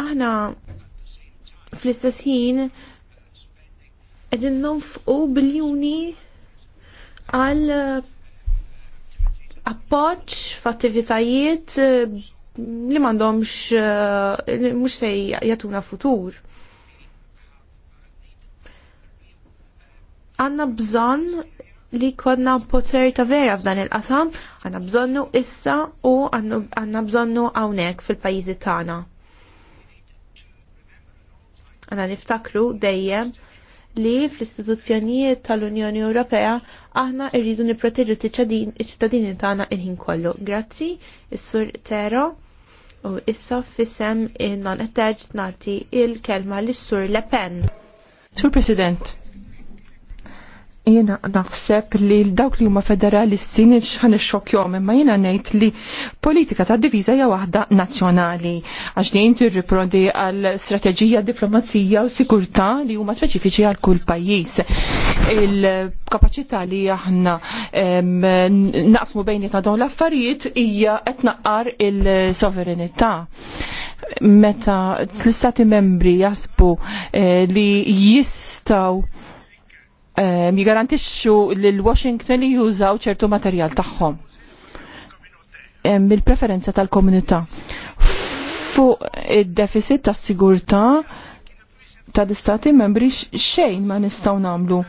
Aħna fl-istess ħin qegħdin nonfqu biljuni għal appoġġ f'attivitajiet eh, li m'għandhomx eh, mhux se jagħtuna futur. Għanna bżonn li kodna poter ta' vera f'dan il-qasam, għanna bżonnu issa u għanna bżonnu għawnek fil-pajizi tagħna. Għana niftakru dejjem li fl-istituzzjonijiet tal-Unjoni Ewropea aħna rridu nipproteġu t ċittadini tagħna il-ħin kollu. Grazzi, is-Sur Tero. U issa fissem in non attached nati il-kelma l-Sur Le Pen. Sur President, Jena naħseb li dawk li huma federalisti nixħan ix-xokjom, imma jena ngħid li politika ta' diviża hija waħda nazzjonali għax jinti riprodi għal strateġija diplomazija u sikurtà li huma speċifiċi għal kull pajjiż. Il-kapaċità li aħna naqsmu ta' dawn l-affarijiet hija qed il-sovranità meta l-istati membri jasbu eh, li jistaw Um, jigarantixxu lil Washington li jużaw ċertu materjal tagħhom. Mill-preferenza tal-komunità. Fuq id-deficit tas-sigurtà tal-istati membri xejn ma nistgħu nagħmlu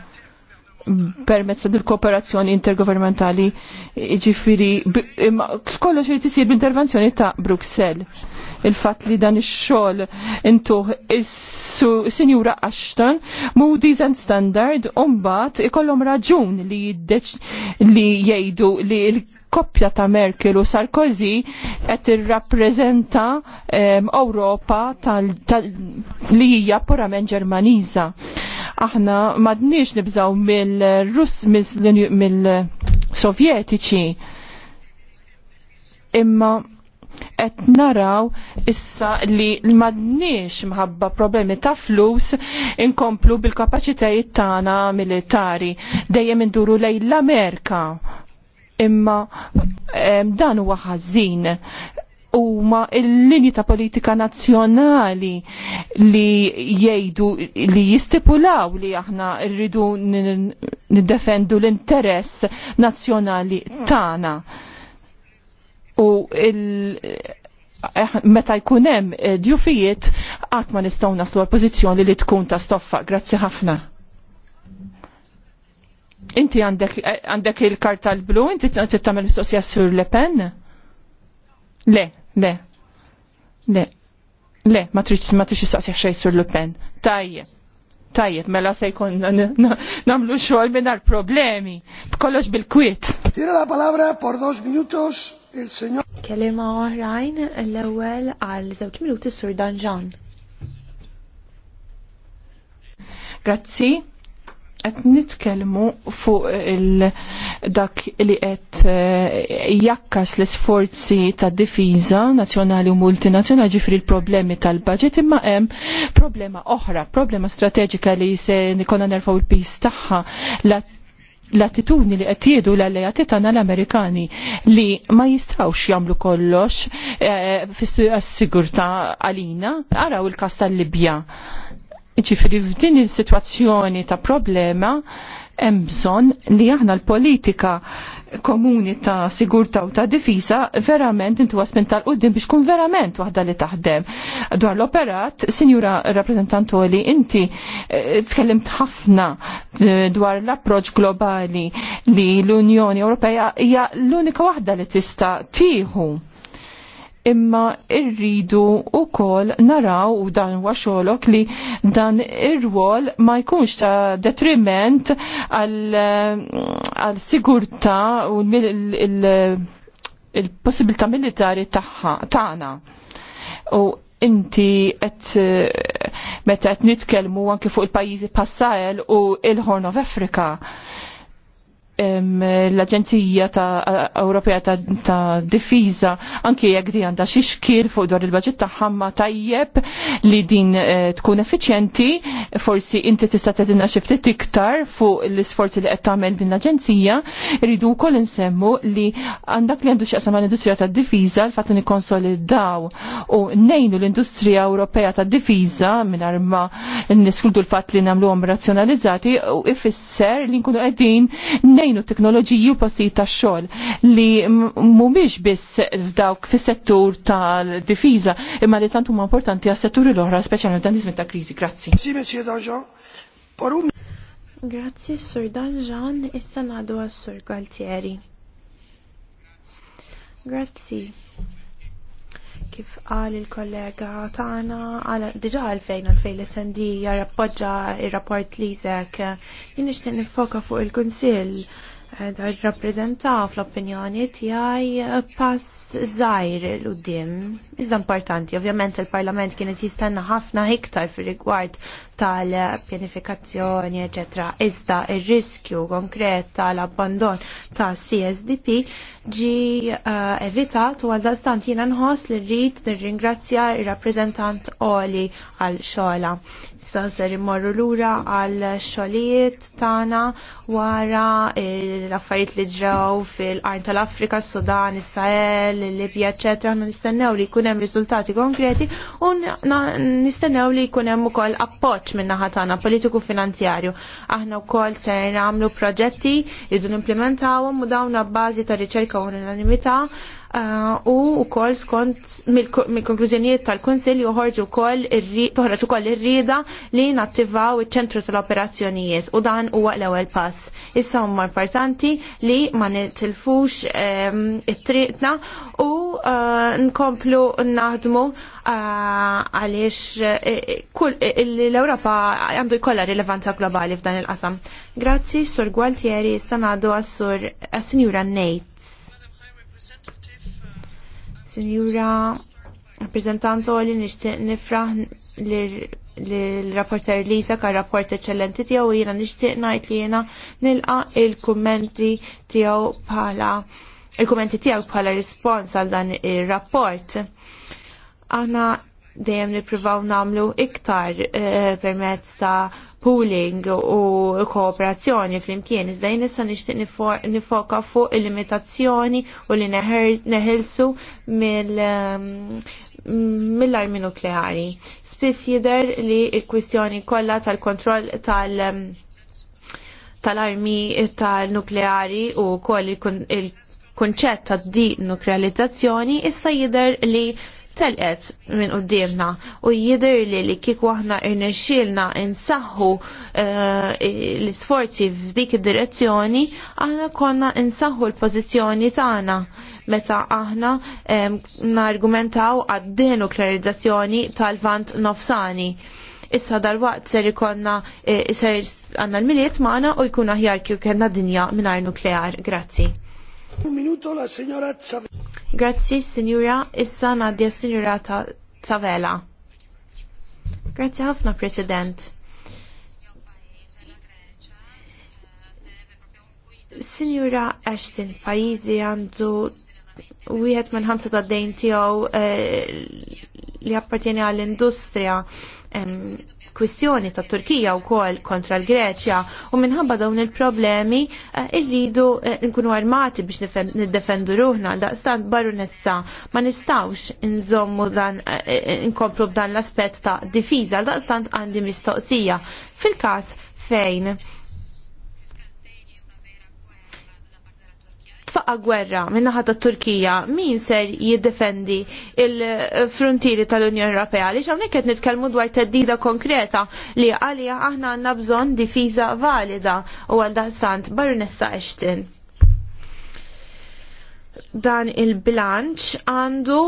permezz il kooperazzjoni intergovernmentali ġifiri kollox irid isir b'intervenzjoni ta' Bruxelles il-fat li dan ix-xogħol intuħ is-Sinjura Ashton, Moody's and Standard, umbat ikollhom raġun li jiddeċ li jgħidu li l-koppja ta' Merkel u Sarkozy qed irrappreżenta Ewropa li hija purament Ġermaniża. Aħna m'għadniex nibżaw mill-Russ mill-Sovjetiċi imma qed naraw issa li l-madniex mħabba problemi ta' flus inkomplu bil-kapaċitajiet tagħna militari dejjem induru lejn l-Amerika. Imma dan huwa ħażin huma l-linji ta' politika nazzjonali li jgħidu li jistipulaw li aħna rridu niddefendu l-interess nazzjonali tagħna u eh, meta jkun hemm eh, djufijiet qatt ma nistgħu naslu għal pożizzjoni li tkun ta' stoffa. Grazzi ħafna. Inti għandek eh, il-karta l-blu, inti tagħmel mistoqsija sur Le Pen? Le, le, le, le, ma trix ma tridx istaqsija sur Le Pen. Tajje. Tajje, mela se jkun namlu xogħol mingħajr problemi. Kollox bil-kwiet. Tira la palabra por dos minutos Kelima oħrajn l-ewwel għal żewġ minuti sur Danġan. Grazzi. Qed nitkellmu fuq il dak li qed eh, jakkas l-isforzi ta' difiża nazzjonali u multinazzjonali ġifri l-problemi tal-budget imma hemm problema oħra, problema strateġika li se nikonna nerfaw il-pis tagħha l l-attitudni li qed jiedu l-allejati tagħna l-Amerikani li ma jistawx jagħmlu kollox eh, fis-sigurtà għalina, araw il-kas tal-Libja. Ġifieri f'din il-sitwazzjoni ta' problema hemm bżonn li aħna l-politika komuni ta' sigurta u ta' difisa verament intu għasmin tal-qoddim biex kun verament wahda li taħdem. Dwar l-operat, sinjura rappresentantu li inti eh, tkellimt ħafna eh, dwar l-approċ globali li l-Unjoni Ewropea hija l-unika wahda li tista' tieħu imma irridu u kol naraw u dan waxolok li dan ir-rwol ma jkunx ta' detriment għal sigurta u il-possibilità militari tagħna. U inti qed meta qed nitkellmu anke fuq il-pajjiżi passajl u il-Horn of Africa l-Aġenzija ta' Ewropea ta', ta Difiża anke jekk di għandha xi xkir fuq dwar il-baġit tagħha ma tajjeb li din eh, tkun effiċjenti, forsi inti tista' tedinna xi ftit iktar fuq l-isforzi li qed tagħmel din l-Aġenzija, rridu wkoll insemmu li għandak li għandu qasam l-industrija tad difiża l fatt li nikkonsolidaw u nejnu l-industrija Ewropea tad difiża mingħajr ma niskludu l-fatt li nagħmluhom razzjonalizzati u ifisser li nkunu qegħdin nejnu teknoloġiju u ta' xol li mhumiex biss dawk fis-settur tal difiza imma li tantum importanti għas-setturi l ohra speċjalment dan iż ta' krizi. Grazzi. Grazzi Sur Danġan, issa nadu għas-Sur Galtieri. Grazzi kif qal il-kollega tagħna għala diġà għalfejn għalfejn l-SND jappoġġa ir-rapport li lisek. Jien nixtieq nifoka fuq il-Kunsill eh, dar fl-opinjoni tiegħi eh, pass żgħir l qudiem Iżda importanti, ovvjament il-Parlament kienet jistenna ħafna iktar fir-rigward tal-pjanifikazzjoni, eċetera. Iżda ir-riskju konkret tal-abbandon ta' CSDP ġi uh, evitat u għaldastant jina nħoss li rrit nirringrazzja il-rappresentant Oli għal xola. Sanser immorru lura għal xolijiet tana wara l-affarijiet li ġew fil qajn tal-Afrika, Sudan, Israel, Libja, Ma Nistennew li jkun hemm riżultati konkreti u nistennew li jkun hemm ukoll appoġġ appoġġ minn naħa tagħna politiku finanzjarju. Aħna wkoll se nagħmlu proġetti li dun u dawn bażi ta' riċerka u l Uh, u wkoll skont mill-konklużjonijiet tal-Kunsill joħorġu wkoll toħroġ ukoll ir-rieda li nattivaw iċ-ċentru tal-operazzjonijiet u dan huwa l-ewwel pass. Issa huma importanti li ma nitilfux ehm, it-triqna u eh, nkomplu naħdmu eh, għaliex eh, l-Ewropa għandu jkollha rilevanza globali f'dan il-qasam. Grazzi, Sur Gualtieri, sanadu għas-Sur Signora Nate jura rappresentanto li nishtiq nifraħ l-rapporter Lisa ka rapport eccellenti tiegħu jiena nixtieq najt li jiena nilqa il-kummenti tiegħu pala il-kummenti tiegħu bħala rispons għal dan ir-rapport. Aħna dejjem nippruvaw nagħmlu iktar eh, permezz ta' pooling u kooperazzjoni fl-imkien. Iżda jien issa nixtieq nifoka fuq il-limitazzjoni u li neħilsu mm, mill-armi nukleari. Spiss jidher li l-kwistjoni kollha tal-kontroll tal-, mm, tal-armi tal-nukleari u koll il-konċett tad-di nuklealizzazzjoni issa jidher li telqet minn qoddimna u jidher li li kik waħna irnexxilna insaħħu eh, l-isforzi f'dik id-direzzjoni, aħna konna insaħħu l-pożizzjoni tagħna meta aħna eh, nargumentaw għad-din klarizzazzjoni tal-vant nofsani issa dal-waqt ser ikonna eh, ser għanna l-miliet maħna u jkun aħjar kju kena dinja minar nuklear. Grazzi. Un minuto la signora Grazzi, signora. Issa nadja signora Zavela. Grazzi ħafna, President. Signora Ashton, pajizi għandu wieħed minn ħamsa ta' dejn tiegħu eh, li appartjeni għall-industrija kwistjoni ta' Turkija u kol kontra l-Greċja u minħabba dawn il-problemi eh, irridu eh, nkunu armati biex niddefendu ruħna daqstant barunessa ma nistawx nżommu dan eh, nkomplu b'dan l-aspett ta' da' daqstant għandi mistoqsija fil-kas fejn tfaqa gwerra minnaħa ta' Turkija, min ser jiddefendi il-frontieri tal-Unjoni Ewropea? Li hawnhekk qed nitkellmu dwar teddida konkreta li għalija aħna għandna bżonn difiża valida u għal daħsant Baronessa Ashton. Dan il-bilanċ għandu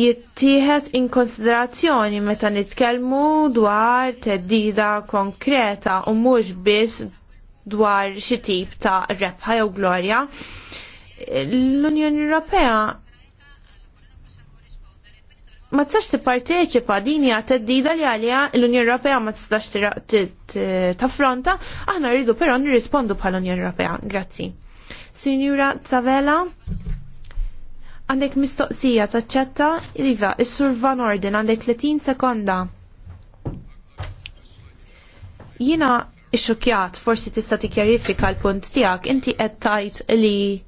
jittieħed in konsiderazzjoni meta nitkellmu dwar teddida konkreta u mhux biss dwar xi tip ta' rebħa jew glorja. L-Unjoni Ewropea ma tistax tipparteċipa din hija teddida li għalija l-Unjoni Ewropea ma tistax taffronta, aħna rridu però nirrispondu bħala Unjoni Ewropea. Grazzi. Sinjura Zavela, għandek mistoqsija taċċetta, iva, is-Sur Van Orden għandek 30 sekonda. Jina xokjat, forsi tista' tikkjarifika l-punt tiegħek, inti qed tajt li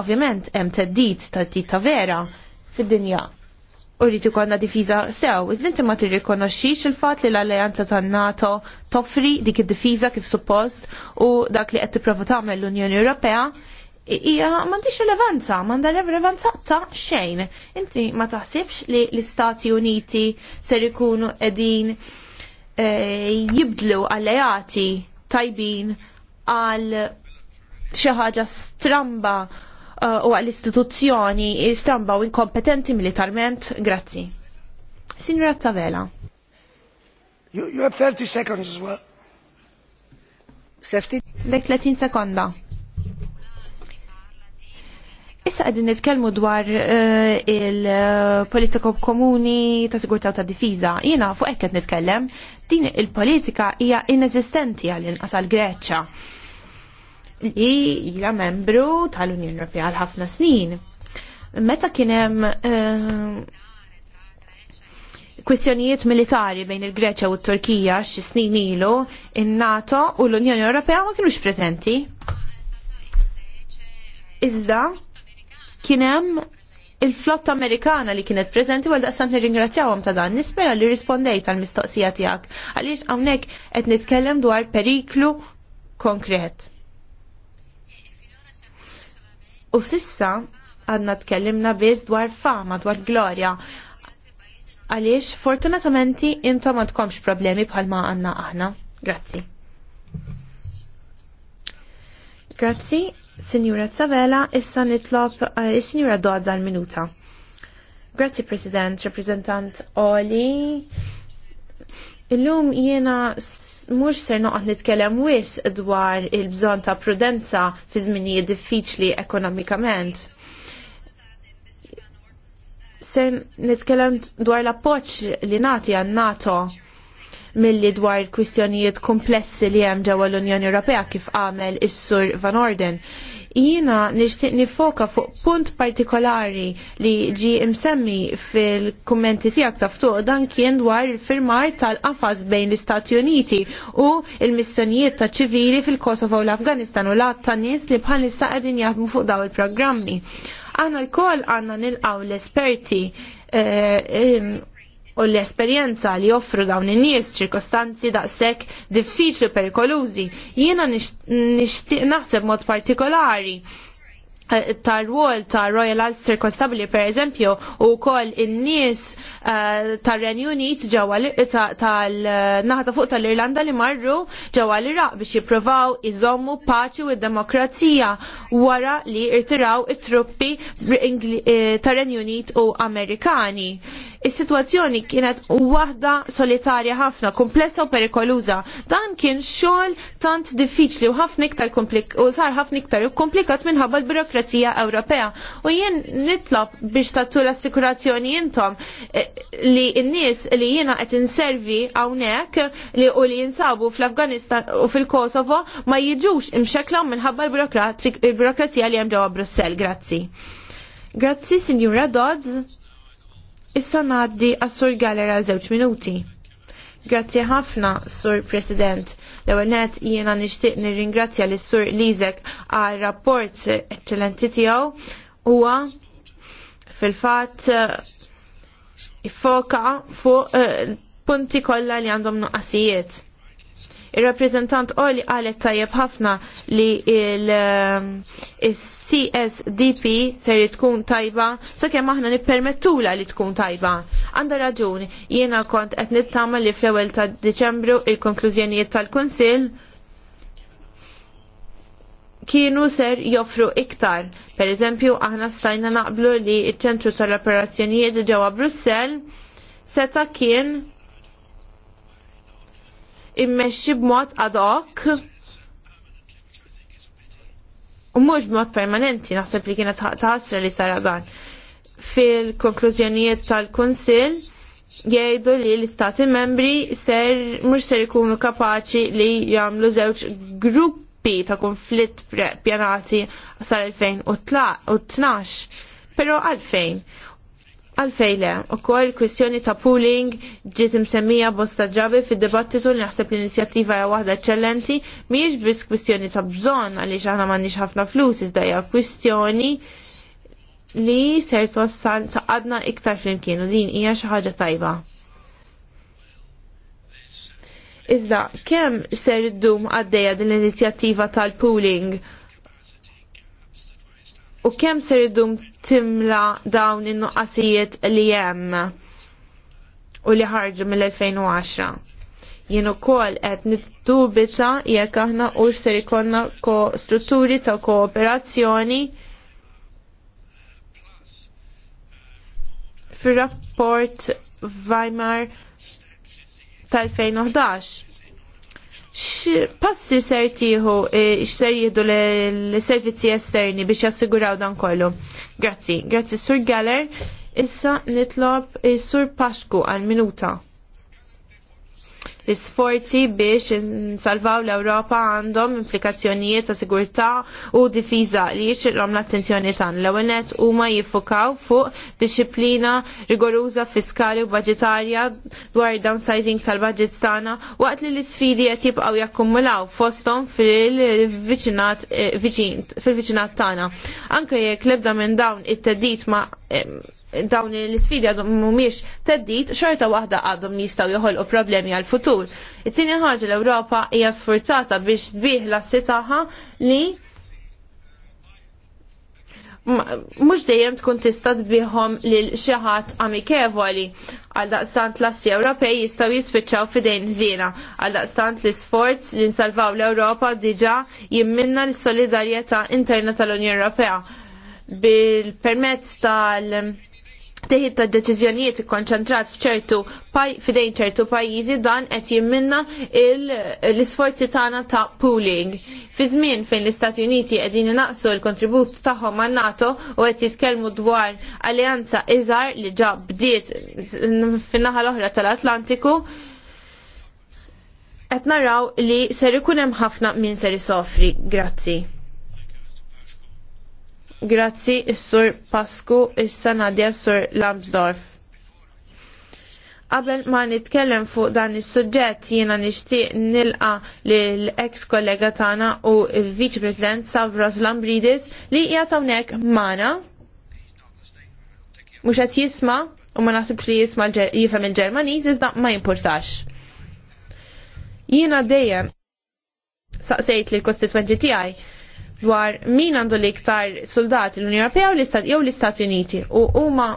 ovvjament hemm teddit ta' ta' vera fid-dinja. U rrid ikollna difiża sew, iżda inti ma tirrikonoxxix il-fatt li l-Alleanza tan-NATO toffri dik id-difiża kif suppost u dak li qed tipprova tagħmel l-Unjoni Ewropea hija m'għandix relevanza, m'għandha relevanza ta' xejn. Inti ma taħsibx li l-Istati Uniti ser ikunu qegħdin E, jibdlu alleati tajbin għal xi ħaġa stramba e, u għal istituzzjoni stramba u inkompetenti militarment. Grazzi. Signora Tavela. You, you have 30 seconds as well. Sefti. Bek 30 sekonda. Issa għedin nitkelmu dwar uh, il-politiko komuni ta' sigurtaw ta' difiza. Jina fuq ekket nitkellem, din il-politika hija inesistenti għall-inqas għal-Greċċa li hija membru tal-Unjoni Ewropea għal ħafna snin. Meta kien hemm eh, kwistjonijiet militari bejn il-Greċja u t-Turkija xi snin ilu, in-NATO u l-Unjoni Ewropea ma kienux preżenti. Iżda kien hemm il-flotta Amerikana li kienet preżenti għal daqsant nirringrazzjawhom ta' dan. Nispera li rispondejt għal mistoqsija tiegħek għaliex hawnhekk qed nitkellem dwar periklu konkret. U sissa għadna tkellimna biss dwar fama, dwar glorja. Għaliex, fortunatamente, intom ma tkomx problemi bħalma għanna aħna. Grazzi. Grazzi, Signora Tsavela, issa nitlob eh, is-Sinjura Dodda l-minuta. Grazzi President, Reprezentant Oli. Illum jiena mhux ser noqgħod nitkellem wis dwar il-bżonn ta' prudenza fi żminijiet diffiċli ekonomikament. Ser nitkellem dwar l-appoġġ li nagħti għan NATO milli dwar kwistjonijiet komplessi li hemm ġewwa l-Unjoni Ewropea kif għamel is-Sur Van Orden. Jiena nixtieq nifoka fuq punt partikolari li ġi imsemmi fil-kummenti tiegħek ta' ftuq dan kien dwar il-firmar tal-qafas bejn l-Istati Uniti u il-missjonijiet ta' ċivili fil-Kosovo u l-Afganistan u l ta' nies li bħalissa qegħdin jaħdmu fuq daw il-programmi. Aħna l-koll għandna nilqgħu l-esperti eh, u l-esperjenza li joffru dawn in-nies ċirkostanzi daqshekk diffiċli u perikolużi. Jiena nixtieq naħseb mod partikolari eh, tar wol ta' Royal Ulster Constabulary per eżempju u kol in-nies eh, tar-Renju Unit ġewwa tal-naħa fuq tal-Irlanda li marru ġewwa l-Iraq biex jippruvaw iżommu paċi u d-demokrazija wara li irtiraw it-truppi eh, tar-Renju Unit u Amerikani. Is-sitwazzjoni kienet waħda solitarja ħafna, komplessa u perikoluża. Dan kien xogħol tant diffiċli u ħafna iktar u sar ħafna iktar komplikat minħabba l-birokrazija Ewropea. U jien nitlob biex tattu l-assikurazzjoni intom eh, li n-nies li jiena qed inservi hawnhekk li u li jinsabu fl-Afganistan u fil-Kosovo ma jiġux imxekla minħabba l-birokrazija il-birokrazija li hemm ġewwa Brussell. Grazzi. Grazzi, Sinjura Dodd. Issa ngħaddi għas-Sur Galera żewġ minuti. Grazzi ħafna, Sur President. L-ewwel net jiena nixtieq nirringrazzja lis sur Lizek għal rapport eċċellenti tiegħu huwa fil-fatt eh, ifoka fuq eh, punti kollha li għandhom nuqqasijiet Il-rappresentant Oli għalet tajjeb ħafna li il-CSDP um, ser tkun tajba sakemm aħna nippermettula li tkun tajba. Għanda raġuni, jiena kont qed nittama li fl ewel ta' Diċembru il-konklużjonijiet tal-Kunsill kienu ser joffru iktar. Per eżempju, aħna stajna naqblu li il ċentru tal-Operazzjonijiet ġewwa Brussell seta' kien immexxi b'mod ad hoc u mhux b'mod permanenti naħseb li kienet taħsra li sara dan. Fil-konklużjonijiet tal-Kunsill jgħidu li l-istati membri ser mhux ser ikunu kapaċi li jagħmlu żewġ gruppi ta' konflitt pjanati sar 2012. Pero għalfejn? Għalfejle, u koll kwestjoni ta' pooling ġiet imsemmija bosta ġabi fid dibattitu li naħseb l-inizjattiva hija waħda eċċellenti, mhijiex biss kwestjoni ta' bżonn għaliex aħna m'għandniex ħafna flus iżda hija li ser twassal għadna iktar flimkien u din hija xi ħaġa tajba. Iżda kemm ser iddum għaddejja din l-inizjattiva tal-pooling? u kemm ser idum timla dawn in-nuqqasijiet li hemm u li ħarġu mill-2010. Jien ukoll qed nittubita jekk aħna u ser ikollna ko strutturi ta' kooperazzjoni fir-rapport Weimar tal-2011 passi ser tieħu e, x'ser jiddu l-servizzi esterni biex jassiguraw dan kollu. Grazzi, grazzi Sur Galler. Issa nitlob e, Sur Pasku għal minuta. L-isforzi biex nsalvaw l-Ewropa għandhom implikazzjonijiet ta' sigurtà u difiża li jixirhom l-attenzjoni tan. L-ewwel u ma jiffukaw fuq disciplina rigoruza fiskali u budgetarja dwar downsizing tal-budget tagħna waqt li l-isfidi qed jibqgħu jakkumulaw fosthom fil-viċinat eh, fil-viċinat tagħna. Anke jekk lebda minn dawn it-teddit ma' eh, dawn l-isfidi għadhom mhumiex teddit xorta waħda għadhom jistgħu joħolqu problemi għal-futur futur. It-tieni ħaġa l-Ewropa hija sforzata biex tbieħ l-assi tagħha li mux dejjem tkun tista' tbihom lil xi ħadd amikevoli għal daqstant l-assi Ewropej jistgħu jispiċċaw f'idejn żiena għal daqstant l-isforz li nsalvaw l-Ewropa diġà jimminna l-solidarjetà interna tal-Unjoni Ewropea bil-permezz tal- teħid ta' deċiżjonijiet ikkonċentrat f'ċertu fidejn ċertu pajjiżi dan qed jimminna l-isforzi tagħna ta' pooling. Fi żmien fejn l-Istati Uniti qegħdin inaqsu l-kontribut tagħhom man NATO u qed jitkellmu dwar alleanza iżgħar li ġab bdiet fin-naħa l-oħra tal-Atlantiku, qed naraw li ser ikun hemm ħafna min ser isofri. Grazzi. Grazzi is-Sur Pasku issa Nadja sur Lambsdorf. Qabel ma nitkellem fuq dan is-suġġett jiena nixtieq nilqa lil ex kollega tagħna u l-Viċi President Savras Lambridis li hija hawnhekk Mana. Mhux qed jisma' u ma naħsibx li jisma' jifhem il-Ġermaniż iżda ma jimpurtax. Jiena dejjem saqsejt lill kostitwenti tiegħi dwar min għandu l-iktar soldati l-Unjoni Ewropea u l-Istat jew l-Istati Uniti. U huma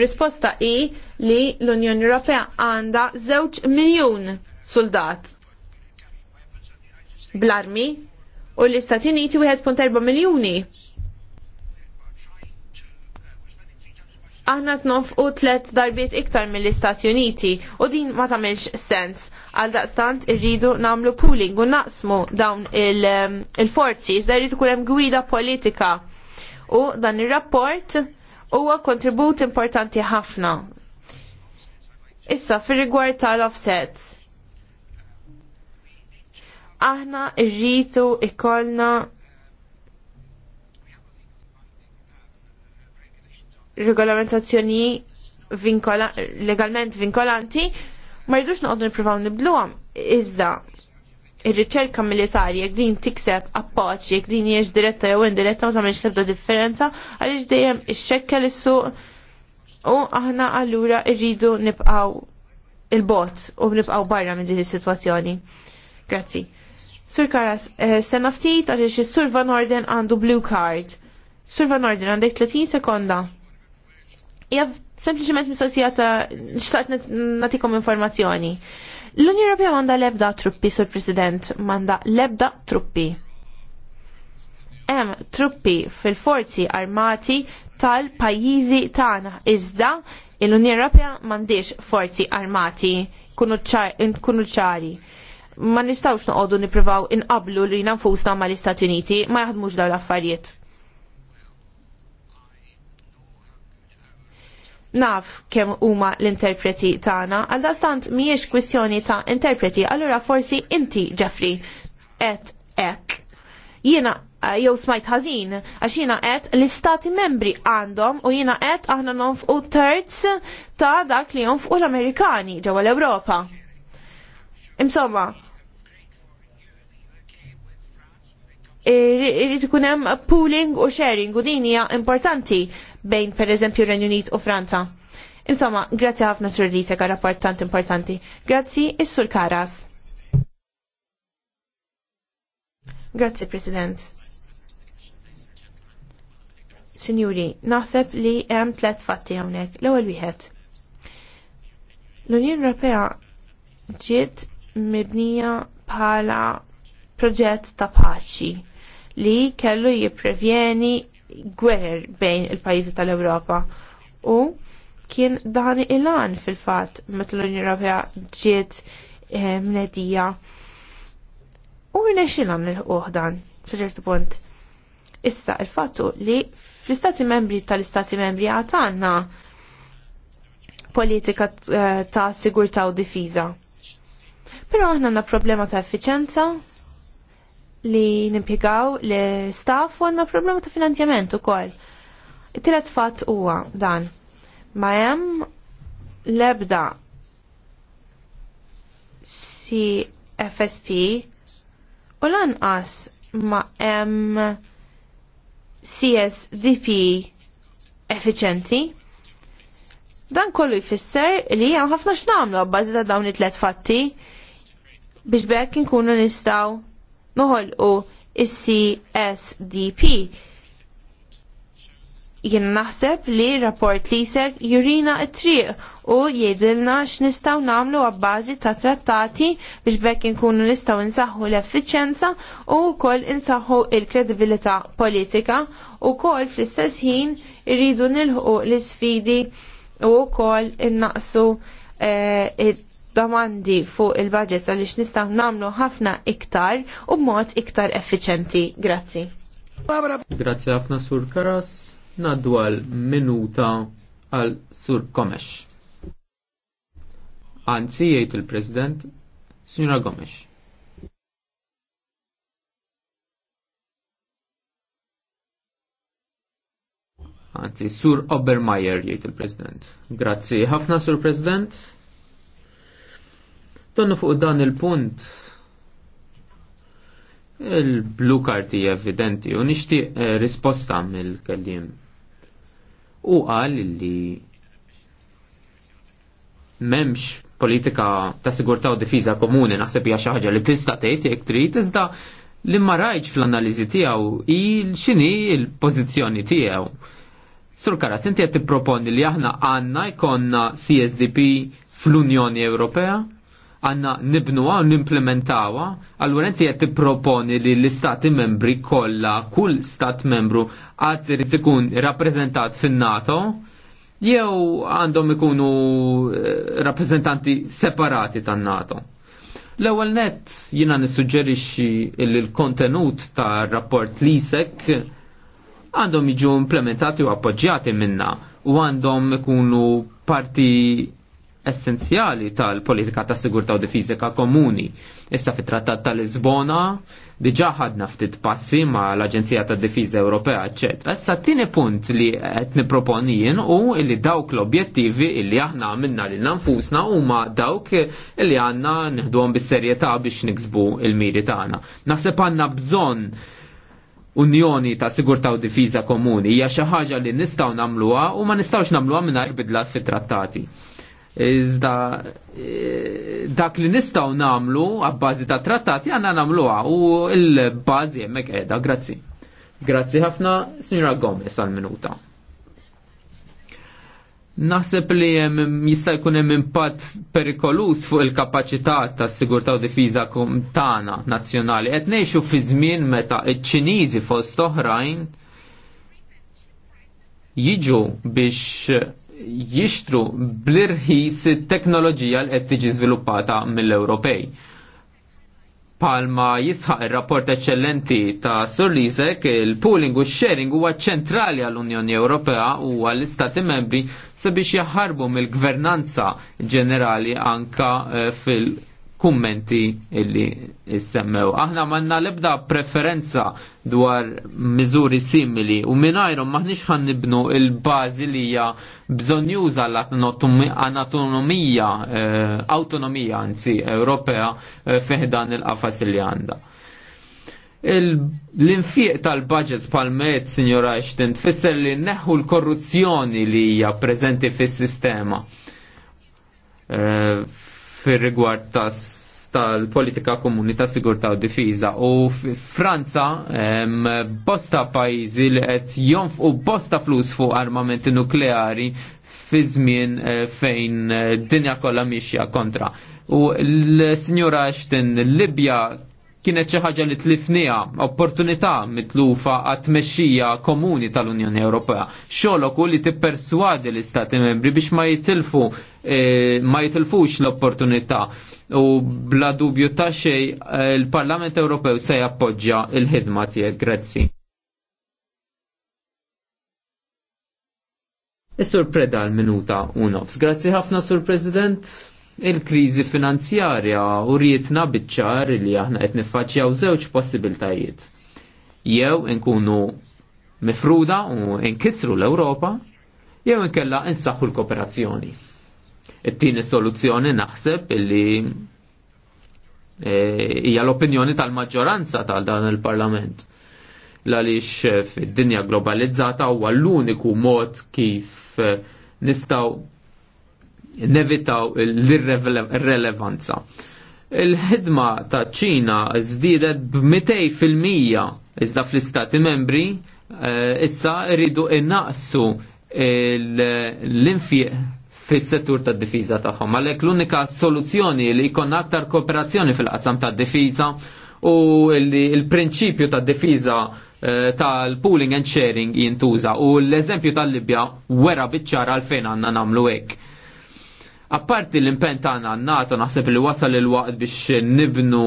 risposta i li l-Unjoni Ewropea għandha żewġ miljun soldat bl-armi u l-Istati Uniti 1.4 miljuni. aħna t t-let darbiet iktar mill-Istati Uniti u din ma tamilx sens. Għal daqstant irridu namlu pooling u naqsmu dawn um, il-forzi, il zda' irridu kurem gwida politika. U dan il-rapport huwa kontribut importanti ħafna. Issa, fir rigward tal-offsets. Aħna irritu ikollna regolamentazzjoni vinkola, legalment vinkolanti, ma rridux noqogħdu nippruvaw nibluhom. Iżda ir-riċerka militari jekk din tikseb appoġġ jekk din jiex diretta jew indiretta ma tagħmilx tebda differenza għaliex dejjem ixxekkel is-suq u aħna allura rridu nibqgħu il-bot u nibqgħu barra minn din is-sitwazzjoni. Grazzi. Sur Karas, eh, stenna ftit għaliex is-Sur Van Orden għandu blue card. Sur Van Orden għandek 30 sekonda hija sempliċement mistoqsija ta' nixtaqt natikom informazzjoni. L-Unjoni Ewropea manda lebda truppi, sur President, manda lebda truppi. Hemm truppi fil-forzi armati tal-pajjiżi tagħna iżda l-Unjoni Ewropea m'għandix forzi armati kunu ċari. Ma nistgħux noqogħdu nippruvaw inqablu li nfusna mal-Istati Uniti ma jaħdmux dawn l-affarijiet. naf kemm huma l-interpreti tagħna, għal dastant mhijiex kwistjoni ta' interpreti, allura forsi inti Jeffrey qed hekk. Jiena eh, jew smajt ħażin għax jiena qed l-istati membri għandhom u jiena qed aħna nonfqu terz ta' dak li jonfqu l-Amerikani ġewwa l-Ewropa. Insomma, irrid ikun hemm pooling u sharing u din hija importanti bejn pereżempju Renju Unit u Franza. Insomma, grazzi ħafna sur Rita ka rapport tant importanti. Grazzi is-Sur Karas. Grazzi President. Signori, naħseb li hemm tliet fatti hawnhekk. L-ewwel wieħed. L-Unjoni Ewropea ġiet mibnija bħala proġett ta' paċi li kellu jipprevjeni gwer bejn il-pajjiżi tal-Ewropa u kien dan il-an fil-fatt meta l-Unjoni Ewropea ġiet eh, mnedija u rnexxilan il il-ħuħdan dan ġertu punt. Issa il-fattu li fl-Istati Membri tal-Istati Membri għatanna politika eh, ta' sigurtà u difiza. Però aħna għandna problema ta' effiċenza, li nimpjegaw li staff u għandna problema ta' finanzjament ukoll. it tilet fatt huwa dan. Ma hemm l-ebda CFSP u lanqas ma hemm CSDP effiċenti. Dan kollu jfisser li hemm ħafna x'namlu għabbażi ta' dawn it-tlet fatti biex bekk inkunu nistgħu noħolqu is-CSDP. Jien naħseb li rapport lisek jurina t-triq u jgħidilna x'nistgħu nagħmlu għabbażi ta' trattati biex bekk inkunu nistgħu nsaħħu l-effiċenza u wkoll insaħħu l-kredibilità politika u wkoll fl-istess ħin irridu nilħu l-isfidi u wkoll innaqsu eh, domandi fuq il-budget għaliex nistgħu nagħmlu ħafna iktar u b'mod iktar effiċenti. Grazzi. Grazzi ħafna Sur Karas, naddu għal minuta għal Sur Gomex. Anzi jgħid il-President, Signora Gomex. Anzi, Sur Obermeyer jgħid il-President. Grazzi ħafna Sur President. Donnu fuq dan il-punt il-blu karti evidenti u nixtieq eh, risposta mill-kellim. U qal li memx politika ta' sigurtà u difiza komuni naħseb hija xi ħaġa li tista' tgħid jekk trid iżda li ma rajtx fl-analiżi tiegħu il x'inhi l-pożizzjoni tiegħu. Sur Kara sinti qed tipproponi li aħna għandna jkollna CSDP fl-Unjoni Ewropea? għanna nibnuwa u nimplementawa, għallura inti qed tipproponi li l-istati membri kollha kull stat membru għad irid ikun rappreżentat fin-NATO, jew għandhom ikunu eh, rappreżentanti separati tan-NATO. L-ewwel nett jiena nissuġġerixxi li l-kontenut tar-rapport lisek għandhom jiġu implementati u appoġġjati minna u għandhom ikunu parti essenzjali tal-politika ta' sigurta u difizika komuni. Issa fit trattat tal-Lisbona, diġa ħadna ftit passi ma l-Aġenzija ta' Difiża Ewropea, ecc. Issa t-tieni punt li qed niproponijin u li dawk l-objettivi li aħna minna li nfusna huma dawk li għandna nieħduhom bis-serjetà biex niksbu il-miri tagħna. Naħseb għandna bżonn unjoni ta' sigurta u difiża komuni hija xi ħaġa li nistgħu nagħmluha u ma nistgħux nagħmluha mingħajr bidla fit-trattati. Iżda e, dak li nistaw namlu għabbażi ta' trattati għanna nagħmluha u l-bażi hemmhekk qiegħda, grazzi. Grazzi ħafna, Sinjora Gomez għal-minuta. Naħseb li jista' jkun hemm impatt perikolus fuq il-kapaċità tas-sigurtà u difiża tagħna nazzjonali. Qed ngħixu fi żmien meta ċ-Ċiniżi fost oħrajn jiġu biex jixtru blirħis teknoloġija li qed tiġi żviluppata mill-Ewropej. Palma jisħaq ir-rapport eċċellenti ta' Sur Lisek, il-pooling u sharing huwa ċentrali għall-Unjoni Ewropea u għall-Istati membri sabiex jaħarbu mill-gvernanza ġenerali anka eh, fil- kummenti illi jissemmew. Aħna manna lebda preferenza dwar miżuri simili u minajrom maħnix ħannibnu nibnu il-bazi li hija bżonjuża l-anatonomija, eh, autonomija anzi Ewropea eh, feħdan il-qafas li għanda. L-infiq tal-budgets pal-met, signora Ashton, tfisser li neħu l-korruzzjoni li hija preżenti fis-sistema. Eh, fir rigward tal-politika komuni ta' sigurta u difiża u Franza bosta pajjiżi li qed jonfqu bosta flus fuq armamenti nukleari fi żmien eh, fejn eh, dinja kollha mixja kontra. U l-Sinjora Ashton, Libja kienet xi ħaġa li tlifnija opportunità mitlufa għat tmexxija komuni tal-Unjoni Ewropea. Xogħolok li tippersuadi l-Istati Membri biex ma jitilfu eh, ma jitilfux l-opportunità u bla dubju ta' xej eh, il-Parlament Ewropew se jappoġġja il-ħidma tiegħek. Grazzi. Is-Sur Preda l-minuta u nofs. Grazzi ħafna, Sur President il-kriżi finanzjarja u rietna biċċar li aħna qed niffaċċjaw żewġ possibiltajiet. Jew nkunu mifruda u nkissru l-Ewropa, jew inkella insaħħu l-kooperazzjoni. It-tieni soluzzjoni naħseb illi e, hija e, l-opinjoni tal-maġġoranza tal dan il-Parlament għaliex e, fid-dinja globalizzata huwa l-uniku mod kif e, nistaw nevitaw l-irrelevanza. Il-ħidma ta' ċina zdidet b-200% iżda fl-istati membri eh, issa rridu innaqsu l-infieq fis-settur tad-difiża tagħhom. Għalhekk l-unika soluzzjoni li jkollna aktar kooperazzjoni fil-qasam tad-difiża u l prinċipju tad-difiża eh, tal-pooling and sharing jintuża u l-eżempju tal-Libja wera biċċara għalfejn għandna nagħmlu hekk. Apparti l-impen tagħna għannata naħseb li wasal il-waqt biex nibnu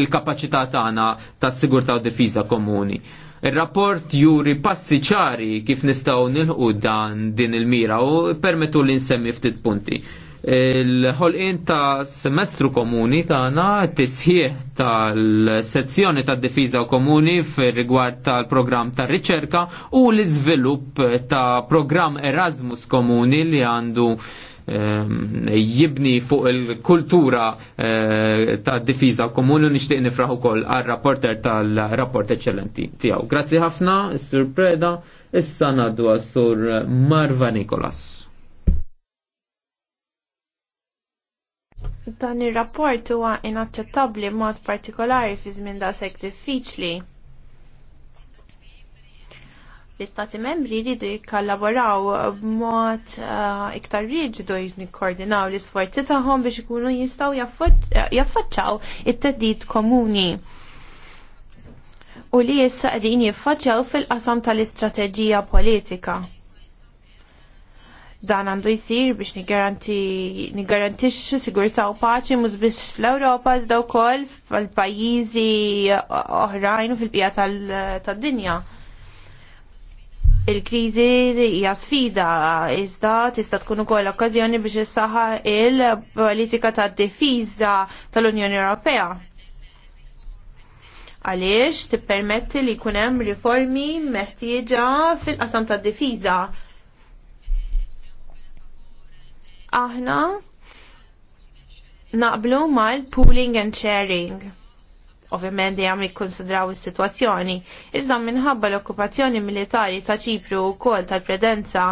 il-kapaċità tagħna tas-sigurtà u difiża komuni. Il-rapport juri passi ċari kif nistgħu nilħu dan din il-mira u permettu li nsemmi ftit punti il-ħolqin ta' semestru komuni tagħna tisħieħ tal-sezzjoni tad difiża komuni fir-rigward tal-programm ta' riċerka u l-iżvilupp ta' programm Erasmus komuni li għandu ehm, jibni fuq il-kultura eh, ta' difiża komuni nixtieq nifraħ ukoll għar-rapporter tal-rapport eċċellenti tiegħu. Grazzi ħafna, Sur Preda, issa ngħaddu għas-Sur Marva Nikolas. Dan ir-rapport huwa inaċċettabbli mod partikolari fi żmien da sek diffiċli. L-Istati membri jridu jikkallaboraw b'mod eh, iktar riġidu jikkoordinaw l-isforzi tagħhom biex ikunu jistgħu jaffaċċaw it-teddid komuni. U li issa qegħdin jiffaċċaw fil-qasam tal-istrateġija politika. Dan għandu jisir biex nigarantix sigurta u paċi mux biex fl-Europa zda u kol fil-pajizi oħrajn u fil-bija tal-dinja. Il-krizi hija sfida, iżda tista' tkun ukoll okkażjoni biex issaħħa il-politika tad-difiża tal-Unjoni Ewropea għaliex tippermetti li jkun hemm riformi meħtieġa fil-qasam tad-difiża aħna naqblu mal-pooling and sharing. Ovvjament dejjem jikkonsidraw is-sitwazzjoni, iżda minħabba l-okkupazzjoni militari ta' Ċipru wkoll tal-predenza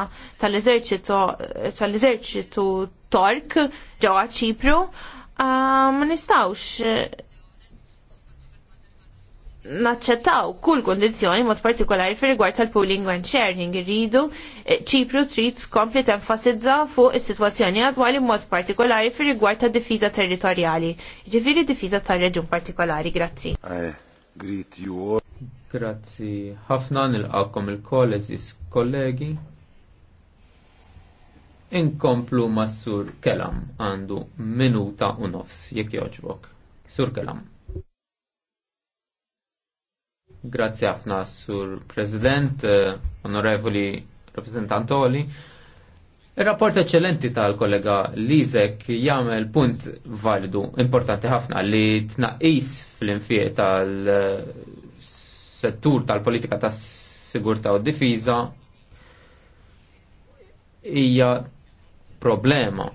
tal-eżerċitu Tork ġewwa Ċipru, ah, ma nistgħux naċċettaw kull kondizjoni mod partikolari fi rigward tal-pooling and sharing irridu eh, ċipru trid tkompli tenfasizza fuq is-sitwazzjoni attwali mod partikolari fi rigward ta' difiża territorjali, ġifieri difiża tar-reġun partikolari, grazzi. Grazzi ħafna nilqakom il-koll eżis kollegi. Inkomplu mas-sur Kelam għandu minuta u nofs jekk joġbok. Sur Kelam. Grazzi ħafna sur President, eh, onorevoli rappresentantoli. Il-rapport eccellenti tal-kollega Lisek jagħmel punt validu importanti ħafna li tnaqis fl-infieq tal-settur tal-politika tas-sigurtà u d-difiża hija problema.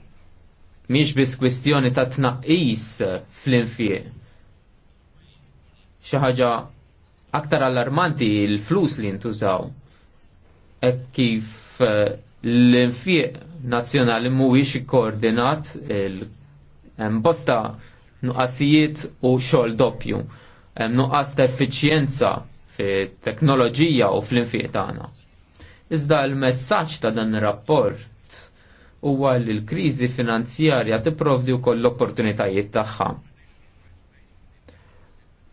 Mhix biss kwistjoni ta' tnaqis fl-infieq. Xi ħaġa aktar allarmanti l-flus li ntużaw e kif eh, l infiq nazjonali mhuwiex ikkoordinat il-bosta nuqqasijiet u xogħol doppju, nuqqas ta' effiċjenza fit teknoloġija u fl-infieq tagħna. Iżda l-messaġġ ta' dan ir-rapport huwa li l-kriżi finanzjarja tipprovdi wkoll l-opportunitajiet tagħha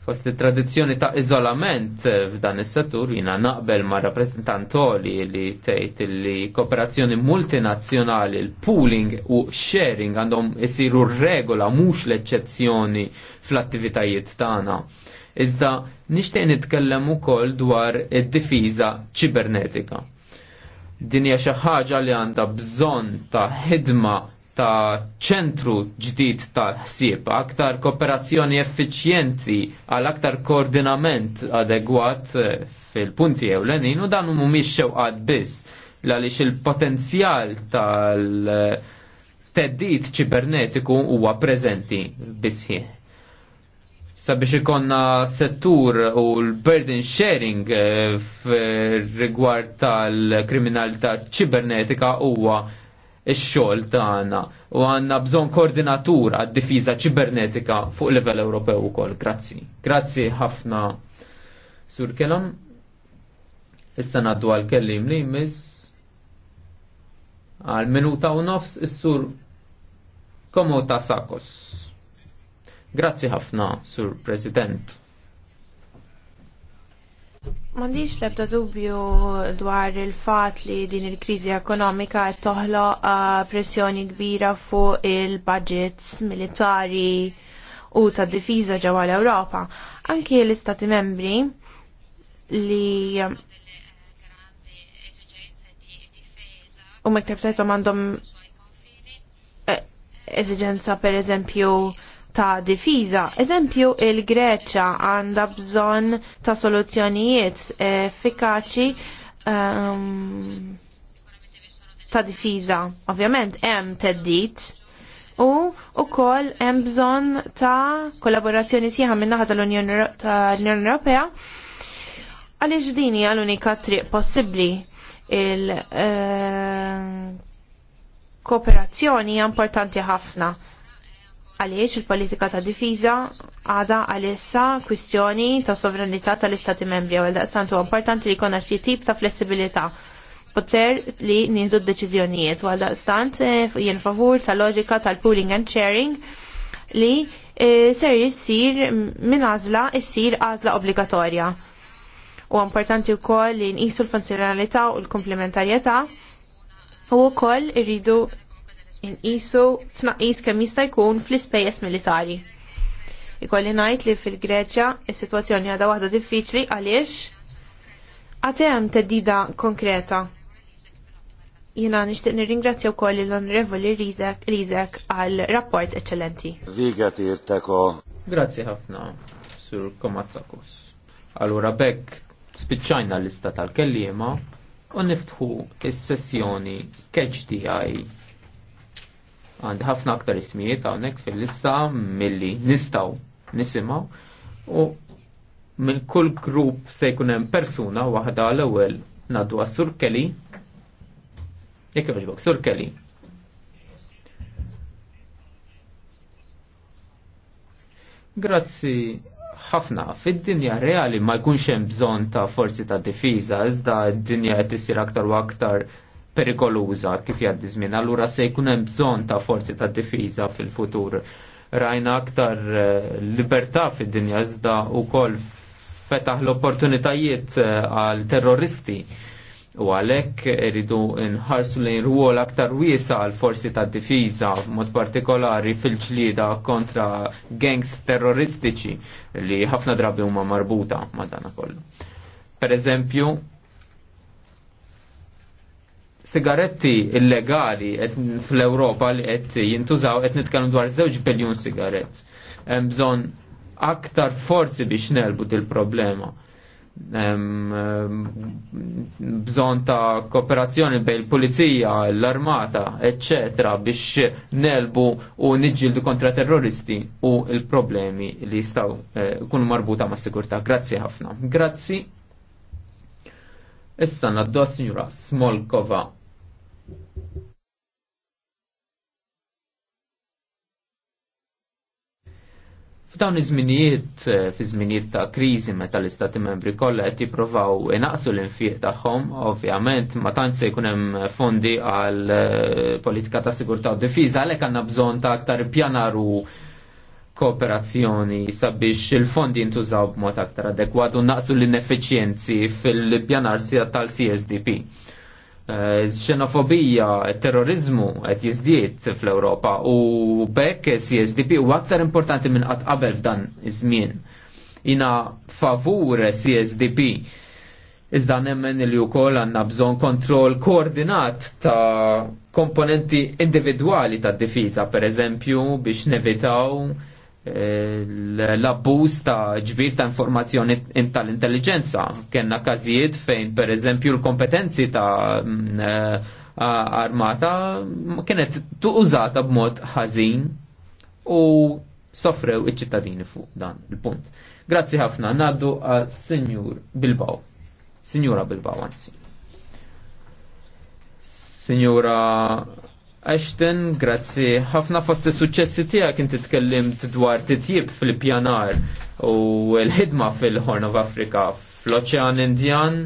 Fost il-tradizjoni ta' izolament eh, f'dan is-settur jina naqbel ma' rappresentantoli li tgħid li kooperazzjoni multinazzjonali, l pooling u sharing għandhom isiru regola mhux l-eċċezzjoni fl-attivitajiet tagħna. Iżda nixtieq nitkellem ukoll dwar id-difiża ċibernetika. Din hija xi ħaġa li għandha bżonn ta' ħidma ta' ċentru ġdid ta' ħsieb, aktar kooperazzjoni effiċjenti għal aktar koordinament adegwat eh, fil-punti ewlenin u dan mhumiex xewqat biss għaliex il-potenzjal tal teddit ċibernetiku huwa preżenti bisħi. Sabiex ikonna settur u l-burden sharing eh, rigward tal-kriminalità ċibernetika huwa ix-xogħol tagħna u għandna bżonn koordinatur għad-difiża ċibernetika fuq livell Ewropew kol. Grazzi. Grazzi ħafna sur kelam. Issa naddu għal kellim li miss għal minuta u nofs is-sur Komo Sakos. Grazzi ħafna, Sur President. Mandiċ lebda dubju dwar il-fat li din il-krizi ekonomika toħlo uh, pressjoni kbira fuq il-budgets militari u ta' difiża ġewwa l-Ewropa. Anki l-Istati membri li um, u mektab sajtom għandhom eh, eżigenza per eżempju ta' difiża. Eżempju, il-Greċa għandha bżonn ta' soluzzjonijiet effikaċi um, ta' difiża. Ovvjament hemm teddit u wkoll hemm bżonn ta' kollaborazzjoni sieħa min-naħa tal-Unjoni tal-Unjoni Ewropea għaliex din hija l-unika triq possibbli il- uh, kooperazzjoni hija importanti ħafna għaliex il-politika ta' difiża għada għalissa kwistjoni ta' sovranità tal-istati membri għal daqstant huwa importanti li jkollna xi tip ta' flessibilità poter li nieħdu d-deċiżjonijiet għal daqstant eh, jien favur ta' loġika tal-pooling and sharing li eh, ser jissir minn għażla jissir għażla obbligatorja. U importanti wkoll li nqisu l-funzjonalità u l-komplementarjetà u wkoll irridu inqisu tnaqqis kemm jista' jkun fl-ispejjeż militari. Ikolli ngħid li fil-Greċja is-sitwazzjoni għadha waħda diffiċli għaliex għad hemm teddida konkreta. Jiena nixtieq nirringrazzja wkoll l-Onorevoli Rizek għal rapport eċċellenti. Viga tirtako. Grazzi ħafna, Sur Komazzakos. Allura bekk spiċċajna l-lista tal-kellima u niftħu is-sessjoni KHDI għand ħafna aktar ismijiet hawnhekk fil-lista milli nistgħu nisimgħu u minn kull grupp se jkun hemm persuna waħda l-ewwel ngħaddu għas-Sur Kelly. Jekk jogħġbok, Sur Kelly. Grazzi ħafna. Fid-dinja reali ma jkunx hemm bżonn ta' forzi ta' difiża, iżda d-dinja qed isir aktar u aktar perikoluża kif jgħaddi żmien, allura se jkun hemm bżonn ta' forzi ta' difiża fil-futur. Rajna aktar eh, libertà fid-dinja iżda wkoll fetaħ l-opportunitajiet eh, għal terroristi u għalek iridu nħarsu lejn ruol aktar wiesa għal forsi ta' difiża mod partikolari fil-ġlida kontra gangs terroristiċi li ħafna drabi huma marbuta ma' dana kollu. Per eżempju, sigaretti illegali fl-Europa li qed jintużaw qed nitkellmu dwar żewġ biljun sigarett. Hemm bżonn aktar forzi biex nelbu dil-problema. Bżonn ta' kooperazzjoni bejn l pulizija l-armata, eccetera, biex nelbu u nidġildu kontra terroristi u il-problemi li jistaw jkunu eh, marbuta ma' sigurtà. Grazzi ħafna. Grazzi. Issa naddos Signora Smolkova F'dawn iż-żminijiet, eh, fi żminijiet ta' kriżi meta l-Istati Membri kollha qed jippruvaw inaqsu l-infiq tagħhom, ovvjament ma tant se jkun hemm fondi għal eh, politika ta' sigurtà u difiża għalhekk għandna bżonn ta' aktar pjanar u kooperazzjoni sabiex il-fondi jintużaw b'mod aktar adekwat u naqsu l-ineffiċjenzi fil-pjanar tal-CSDP. Eh, xenofobija, terrorizmu qed jiżdied fl-Ewropa u bekk CSDP u aktar importanti minn qatt qabel f'dan iż-żmien. Ina favur CSDP iżda nemmen li wkoll għandna bżonn kontroll koordinat ta' komponenti individwali tad difiża, pereżempju biex nevitaw Eh, l-abbuż ta' ġbir ta' informazzjoni tal-intelligenza. Kenna każijiet fejn per eżempju l-kompetenzi ta' mm, eh, armata kienet tużata b'mod ħażin u sofrew iċ-ċittadini fuq dan il-punt. Grazzi ħafna, naddu għal-Sinjur Bilbao. Sinjura Bilbao, anzi. Sinjura Ashton, grazzi. ħafna fost il-successi tijak inti tkellimt dwar titjib fil-pjanar u l-ħidma fil-Horn of Africa fl-Oċean Indjan,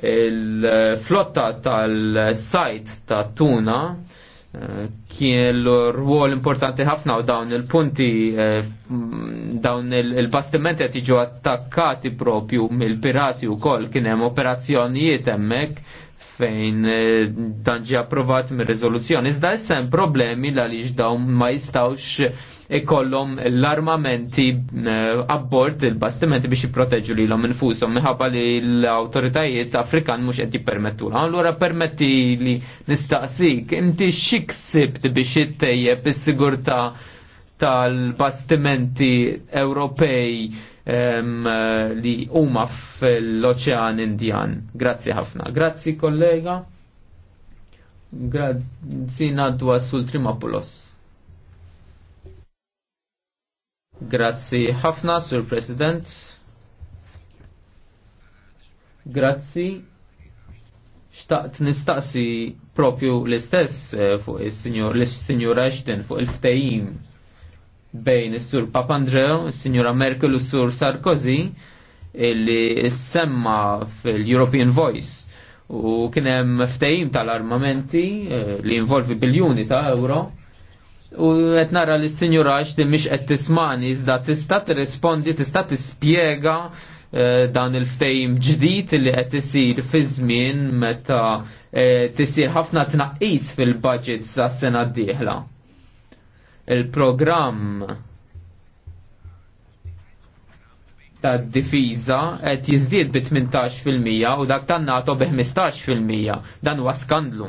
il-flotta tal-sajt ta' tuna eh, kien l-rwol importanti ħafna u dawn il-punti eh, dawn il-bastimenti qed jiġu attakkati propju mill-pirati wkoll kien hemm operazzjonijiet hemmhekk fejn eh, dan approvat mir rezoluzzjoni Iżda hemm problemi l għaliex dawn ma jistawx ikollhom l-armamenti eh, abbord il-bastimenti biex jipproteġu lilhom infushom minħabba li l-awtoritajiet Afrikan mhux qed jippermettulha. Allura permetti li nistaqsik inti x'iksibt biex jittejjeb is-sigurtà tal-bastimenti Ewropej li huma fl-Oċean Indian. Grazzi ħafna. Grazzi kollega. Grazzi naddu għassul Grazzi ħafna, Sur President. Grazzi. Xtaqt nistaqsi propju l-istess eh, fuq il-Sinjur Ashton fuq il ftajim bejn is-sur Papandreu, is-Sinjura Merkel u s-sur Sarkozy illi semma fil-European Voice u kien hemm ftehim tal-armamenti eh, li involvi biljuni ta' euro u qed nara li s-Sinjura li mhix qed tismani iżda tista' tirrispondi, tista' tispjega eh, dan il-ftejm ġdid li qed isir fi żmien meta eh, tisir ħafna tnaqqis fil-budget sas-sena d-dieħla il-programm ta' difiża qed jiżdied bi 18% u dak tan NATO bi 15% dan huwa skandlu.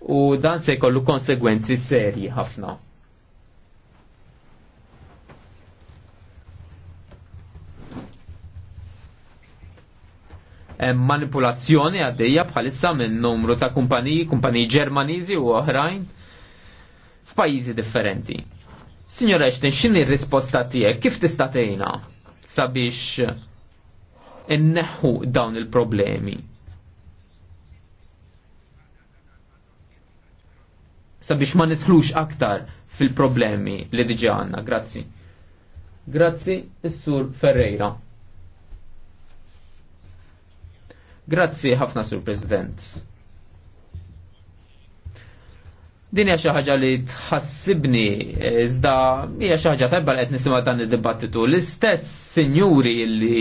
U dan se jkollu konsegwenzi serji ħafna. manipulazzjoni għaddejja bħalissa minn numru ta' kumpaniji, kumpaniji Ġermaniżi u oħrajn f'pajjiżi differenti. Signor Ashton, x'inhi r-risposta tiegħek? Kif tista' tgħinha sabiex inneħħu dawn il-problemi? Sabiex ma nidħlux aktar fil-problemi li diġà għandna. Grazzi. Grazzi, is-Sur Ferreira. Grazzi ħafna, Sur President. Din hija xi ħaġa li tħassibni iżda hija xi ħaġa tajba li qed nisimgħu dan id-dibattitu. L-istess sinjuri li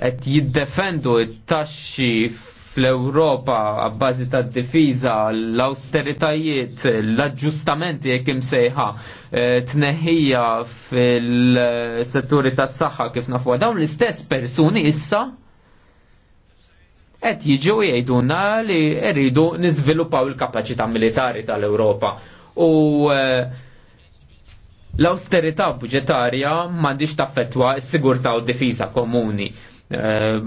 qed jiddefendu t-taxxi fl-Ewropa għabbażi ta' difiża, l-austeritajiet, l-aġġustamenti jekk imsejħa, e, tneħħija fil-setturi tas saħħa kif nafu dawn l-istess persuni issa qed jiġu jgħidulna li rridu niżviluppaw il-kapaċità militari tal-Ewropa. U eh, l-austerità budgetarja m'għandix taffettwa s-sigurtà u d-difiża komuni. Eh,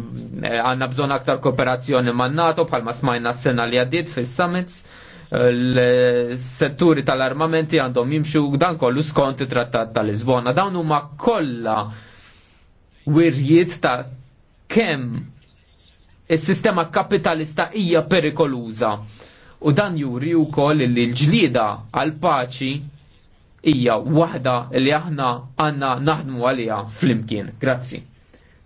għanna bżon aktar kooperazzjoni man NATO bħalma smajna s-sena li għaddiet fis-summits l-setturi tal-armamenti għandhom jimxu dan kollu skont it-trattat tal-Lisbona. Dawn huma kollha wirjiet ta' kemm is-sistema kapitalista hija perikoluża. U dan juri wkoll li l-ġlieda għal paċi hija waħda li aħna għandna naħdmu għaliha flimkien. Grazzi.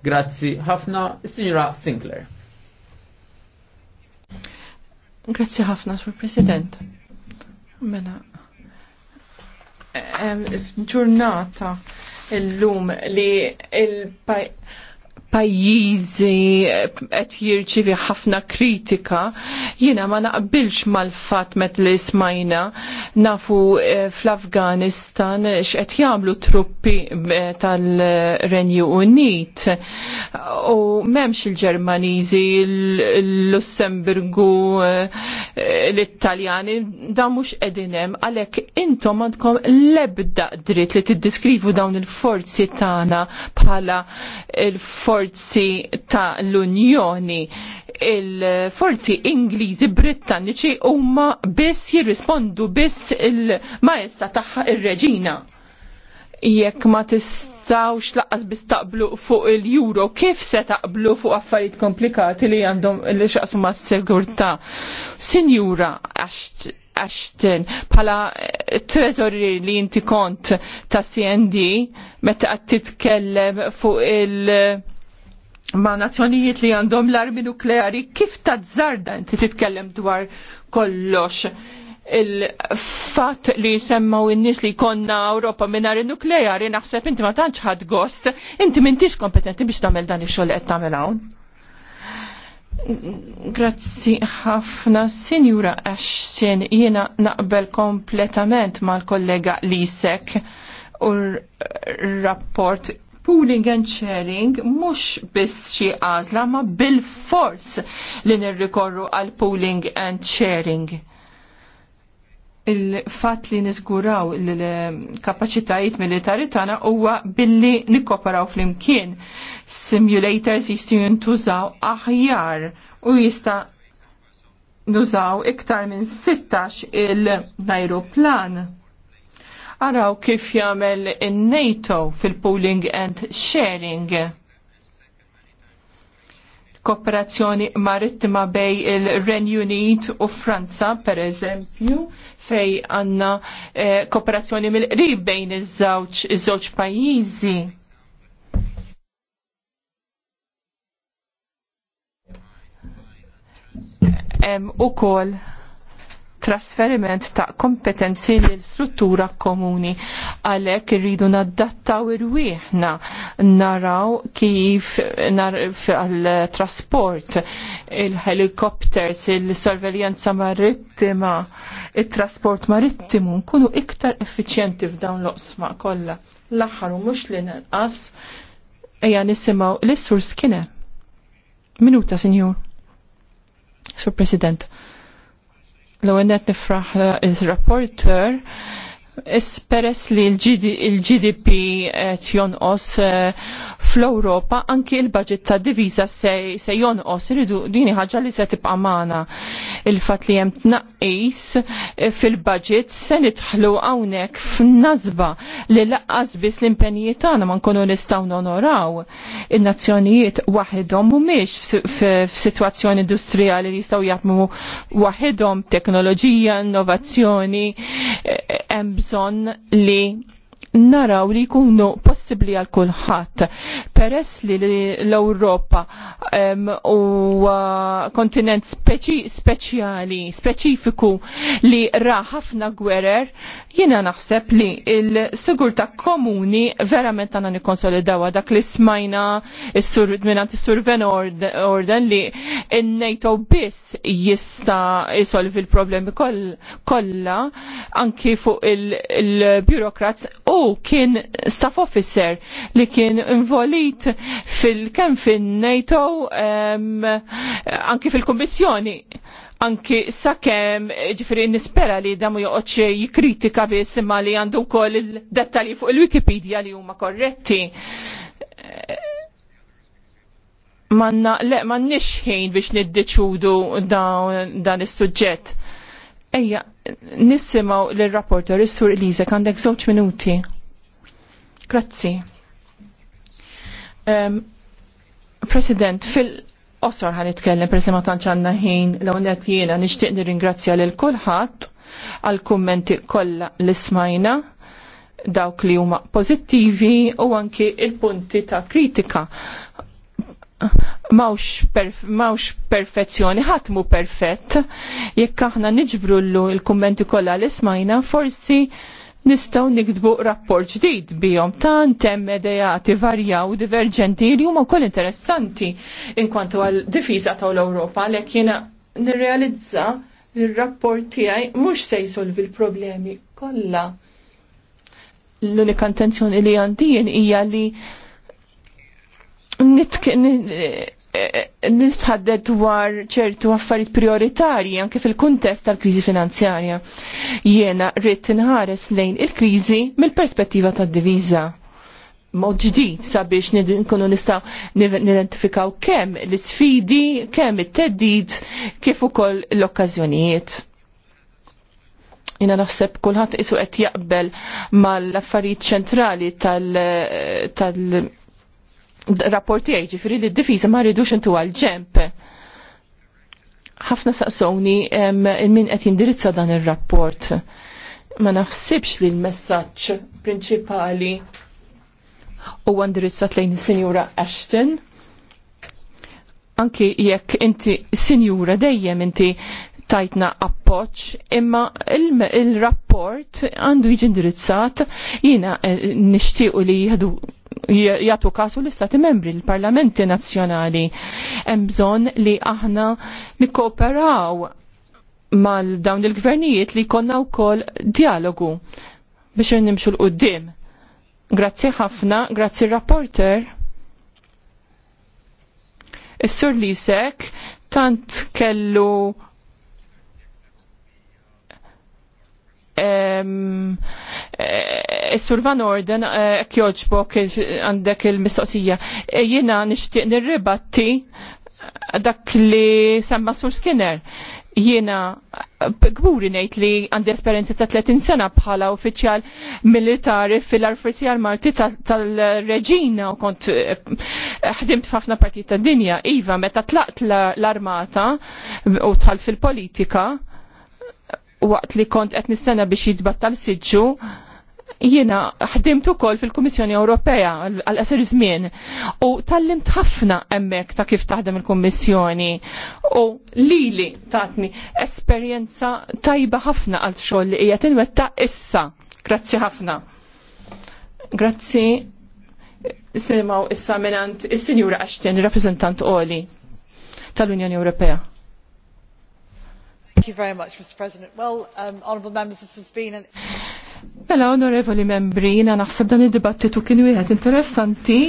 Grazzi ħafna, Signora Sinclair. Grazzi ħafna, Sur President. Mela, ġurnata il-lum li il paj pajjiżi qed jirċivi ħafna kritika, jiena ma naqbilx mal-fatt met li smajna nafu eh, fl-Afganistan x'qed jagħmlu truppi eh, tal-Renju Unit u m'hemmx il-Ġermaniżi l-Lussemburgu eh, l-Italjani dan mhux qegħdin hemm għalhekk intom għandkom l-ebda dritt li tiddiskrivu dawn il-forzi tagħna bħala il-forzi forzi ta' l-Unjoni il-forzi Ingliżi Brittaniċi huma biss jirrispondu biss il-maestra tagħha ir-reġina. Jekk ma tistawx laqqas biss taqblu fuq il juro kif se taqblu fuq affarijiet komplikati li għandhom li xaqsmu ma' sigurtà Sinjura, għax Ashton pala eh, trezorri li inti kont ta' CND meta qed titkellem fuq il- ma' nazzjonijiet li għandhom l-armi nukleari, kif ta' tazzarda inti titkellem dwar kollox? il-fat li semmaw in-nies li konna Ewropa minar nukleari naħseb inti ma tantx ħadd gost, inti m'intix kompetenti biex tagħmel dan ix-xogħol qed tagħmel hawn. Grazzi ħafna, Sinjura Ashton, jiena naqbel kompletament mal-kollega Lisek u rapport pooling and sharing mhux biss xi għażla ma bil-fors li nirrikorru għal pooling and sharing. Il-fatt li niżguraw l-kapaċitajiet militari tagħna huwa billi nikkoperaw flimkien. Simulators jistgħu jintużaw aħjar u jista' nużaw iktar minn 16 il-ajruplan Araw kif jagħmel in-NATO fil-pooling and sharing kooperazzjoni marittima bej il-Renju Unit u Franza, per eżempju, fej għanna eh, kooperazzjoni mill-qrib bejn iż-żewġ pajjiżi. Em, u kol trasferiment ta' kompetenzi l struttura komuni. Għalek irridu naddattaw irwieħna naraw kif nar għal-trasport, il-helikopters, il-sorveljanza marittima, il-trasport marittimu, nkunu iktar effiċjenti f'dawn l-oqsma kollha. L-aħħar u mhux li nanqas ejja nisimaw l-issur skine. Minuta, Sinjur. Sur President L-għennet nifraħ il-rapporter Peress li l-GDP qed eh, jonqos eh, fl-Ewropa, anki l-budget ta' diviża se jonqos, iridu dini ħaġa li se tibqa' magħna. Il-fatt li hemm tnaqqis eh, fil-budget se nidħlu hawnhekk f'nażba li laqqas biss l-impenjiet tagħna ma nkunu nistgħu nonoraw. In-nazzjonijiet waħedhom mhumiex f'sitwazzjoni industrijali li jistgħu jaħdmu waħedhom teknoloġija, innovazzjoni, hemm bżonn li naraw li jkunu possibbli għal kulħadd. Peress li l-Ewropa u kontinent speċjali, speċifiku li ra ħafna gwerer, jiena naħseb li l-sigurtà komuni verament għandna nikkonsolidawa dak li smajna minant is surven Orden li n-NATO biss jista' isolvi l-problemi kollha anki fuq il-bürokrats u u kien staff officer li kien involit fil-kem fin-NATO um, anki fil-Kommissjoni anki sakemm ġifri nispera li damu joqgħodx jikkritika biss imma li għandu wkoll il-dettalji fuq il-Wikipedia li huma korretti. Manna, le, man nixħin biex niddeċudu dan is-suġġett Ejja, nissimaw l-rapporter, il-sur Eliza, għandek zoċ minuti. Grazzi. Um, President, fil-osor għan itkellem, President ma tanċanna ħin, l-għonet jena nishtiq nir-ingrazzja l-kulħat għal-kommenti kolla l-ismajna dawk li huma pozittivi u anki il-punti ta' kritika mawx, perf mawx perfezzjoni, ħatmu perfett. Jekk aħna niġbru l il-kummenti kollha l ismajna forsi nistaw nikdbu rapport ġdid bihom tant hemm idejati varjaw diverġenti li huma wkoll interessanti inkwantu għal difiża ta' l-Ewropa għalhekk jiena nirrealizza li r-rapport tiegħi mhux se jsolvi l-problemi kollha. L-unika intenzjoni li għandijin hija li nitħaddet dwar ċertu affarijiet prioritarji anke fil-kuntest tal-kriżi finanzjarja. Jiena rrid inħares lejn il-kriżi mill-perspettiva tad-diviża. Mod ġdid sabiex nkunu nista' nidentifikaw kemm l-isfidi, kemm it-teddid, kif ukoll l-okkażjonijiet. Jina naħseb kulħadd isu qed jaqbel mal-affarijiet ċentrali tal-, tal rapporti għaj ġifiri li d-difiza ma rridux intu għal-ġemp. ħafna saqsowni min qed jindirizza dan ir-rapport. Ma naħsibx li l-messaġġ prinċipali huwa indirizzat lejn is-Sinjura Ashton. Anki jekk inti sinjura dejjem inti tajtna appoċ, imma il-rapport għandu jiġi indirizzat jina eh, nishtiqu li jħadu jgħatu kasu l-istati membri, l-parlamenti nazzjonali. Hemm bżonn li aħna nikkooperaw mal dawn il-gvernijiet li jkollna wkoll dialogu biex nimxu l-qoddim. Grazzi ħafna, grazzi rapporter. Is-sur Lisek tant kellu um, Is-Sur eh, Van Orden eh, kjoġbok għandek il-mistoqsija. Eh, Jiena nixtieq nirribatti dak li semma Sur Skinner. Jiena gburi ngħid li għandi esperjenza ta' 30 sena bħala uffiċjal militari fil-arfrizzi marti tal-reġina u kont ħdimt f'ħafna partijiet tad-dinja. Iva, meta tlaqt l-armata u tħalt fil-politika, waqt li kont qed nistenna biex jitbattal siġġu, Jiena ħdimt ukoll fil-Kummissjoni Ewropea għal qasir żmien u tallimt ħafna hemmhekk ta' kif taħdem il-Kummissjoni u lili tatni esperjenza tajba ħafna għal xogħol li hija tinwetta issa. Grazzi ħafna. Grazzi Semaw issa minant is-Sinjura Ashton, rappresentant Oli tal-Unjoni Ewropea. Thank you very much, Mr. President. Well, um, honourable members, this has been an... Mela, onorevoli membri, jina naħseb dan id-dibattitu kien wieħed interessanti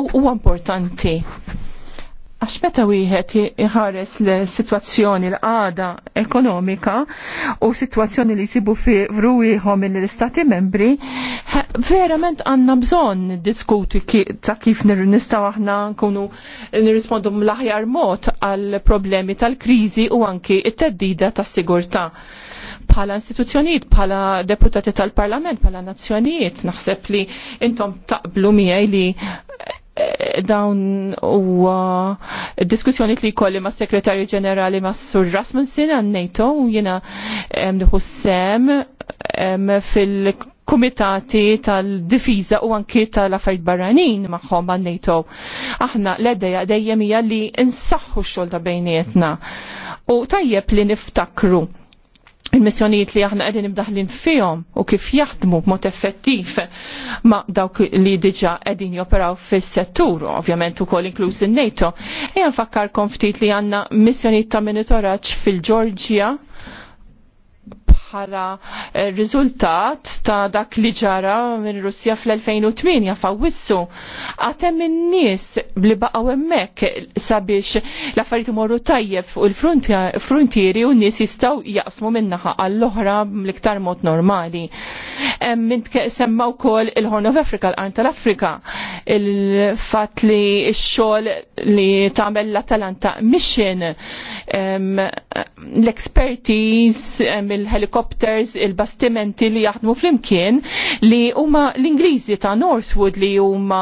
u importanti. Għax meta wieħed iħares l-sitwazzjoni l għada ekonomika u sitwazzjoni li jsibu fi ruwieħhom mill-istati membri, verament għandna bżonn diskuti ta' kif nistgħu aħna nkunu nirrispondu mlaħjar aħjar mod għal problemi tal-kriżi u anki t teddida tas-sigurtà bħala istituzzjonijiet, bħala deputati tal-Parlament, bħala nazzjonijiet, naħseb li intom taqblu miegħi li eh, dawn u diskussjoni li kolli ma' segretarju ġenerali ma' Sur Rasmussen għan NATO u jena eh, nħu sem eh, fil-komitati tal-difiza u anki tal-affarijiet barranin magħhom għan NATO. Aħna l-edeja dejjem hija li nsaħħu x-xogħol ta' bejnietna. U tajjeb li niftakru il-missjonijiet li aħna qegħdin imdaħlin fihom u kif jaħdmu b'mod effettiv ma' dawk li diġà qegħdin joperaw fis-settur, ovvjament ukoll inkluż in-NATO. Ejja nfakkarkom ftit li għandna missjonijiet ta' monitoraġġ fil-Ġorġja, bħala eh, riżultat ta' dak li ġara minn Russja fl-2008 fawissu. Għatem minn nies li baqaw hemmhekk sabiex l-affarijiet imorru tajjeb fuq il-frontieri u n-nies jistgħu jaqsmu minnaħa għall-oħra l-iktar mod normali. Mint semma wkoll il-Horn of Africa, l arn tal-Afrika, il-fatt li x-xogħol li tagħmel l-Atalanta mission l-expertise mill-helikopter helicopters, il-bastimenti li jaħdmu flimkien li huma l-Ingliżi ta' Northwood li huma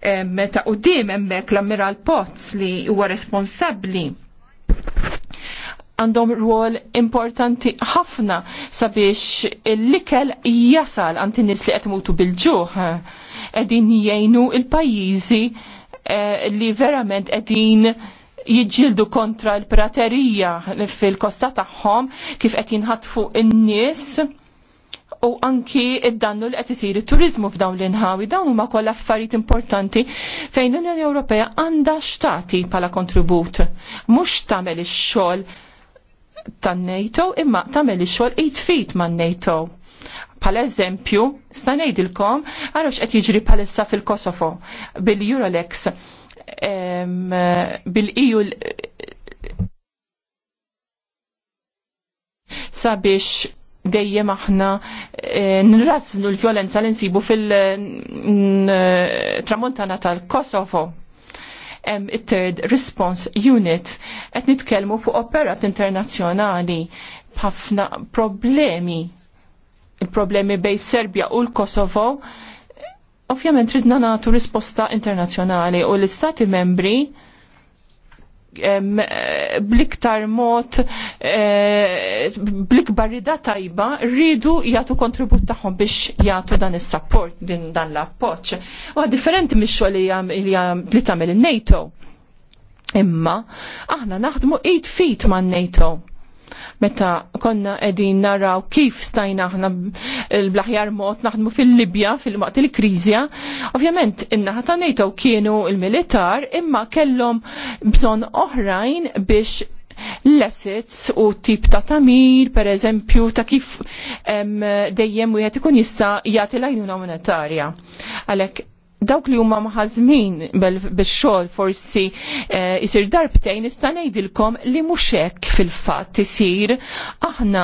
eh, meta qudiem hemmhekk l-Ammiral Potts li huwa responsabbli għandhom rwol importanti ħafna sabiex l-ikel jasal għanti nis li għetmutu bil-ġuħ. qegħdin jgħinu il-pajizi eh, li verament qegħdin jidġildu kontra l-praterija fil-kosta tagħhom kif qed jinħatfu n-nies u anki id-dannu li qed isir turizmu f'dawn l-inħawi dawn huma kollha affarijiet importanti fejn l-Unjoni Ewropea għandha xtati bħala kontribut. Mhux tagħmel ix-xogħol tan-NATO imma tagħmel ix-xogħol jitfid man-NATO pal eżempju, sta ngħidilkom għarax qed jiġri bħalissa fil-Kosovo bil-Eurolex bil-iju sabiex dejjem aħna eh, nrażlu l-vjolenza li nsibu fil-tramontana tal-Kosovo. It-Third Response Unit qed nitkellmu fuq operat internazzjonali b'ħafna problemi il-problemi bej Serbja u l-Kosovo Ovvjament ridna nagħtu risposta internazzjonali u l-istati membri eh, bliktar mod eh, blikbar rida tajba rridu jagħtu kontribut tagħhom biex jagħtu dan is-support din dan l-appoġġ. U differenti mix-xogħol li tagħmel il nato Imma aħna naħdmu 8 feet man NATO meta konna qegħdin naraw kif stajna aħna l-blaħjar mod naħdmu fil-Libja fil-waqt il-kriżja. Ovvjament in-naħa ta' kienu il-militar imma kellhom bżonn oħrajn biex l-assets u tip ta' tamir, per eżempju, ta' kif dejjem u jgħet ikun jista' jagħti l-għajnuna monetarja. Għalhekk dawk li huma maħazmin bix-xogħol forsi jisir eh, isir darbtejn nista' ngħidilkom li mhux hekk fil-fatt isir aħna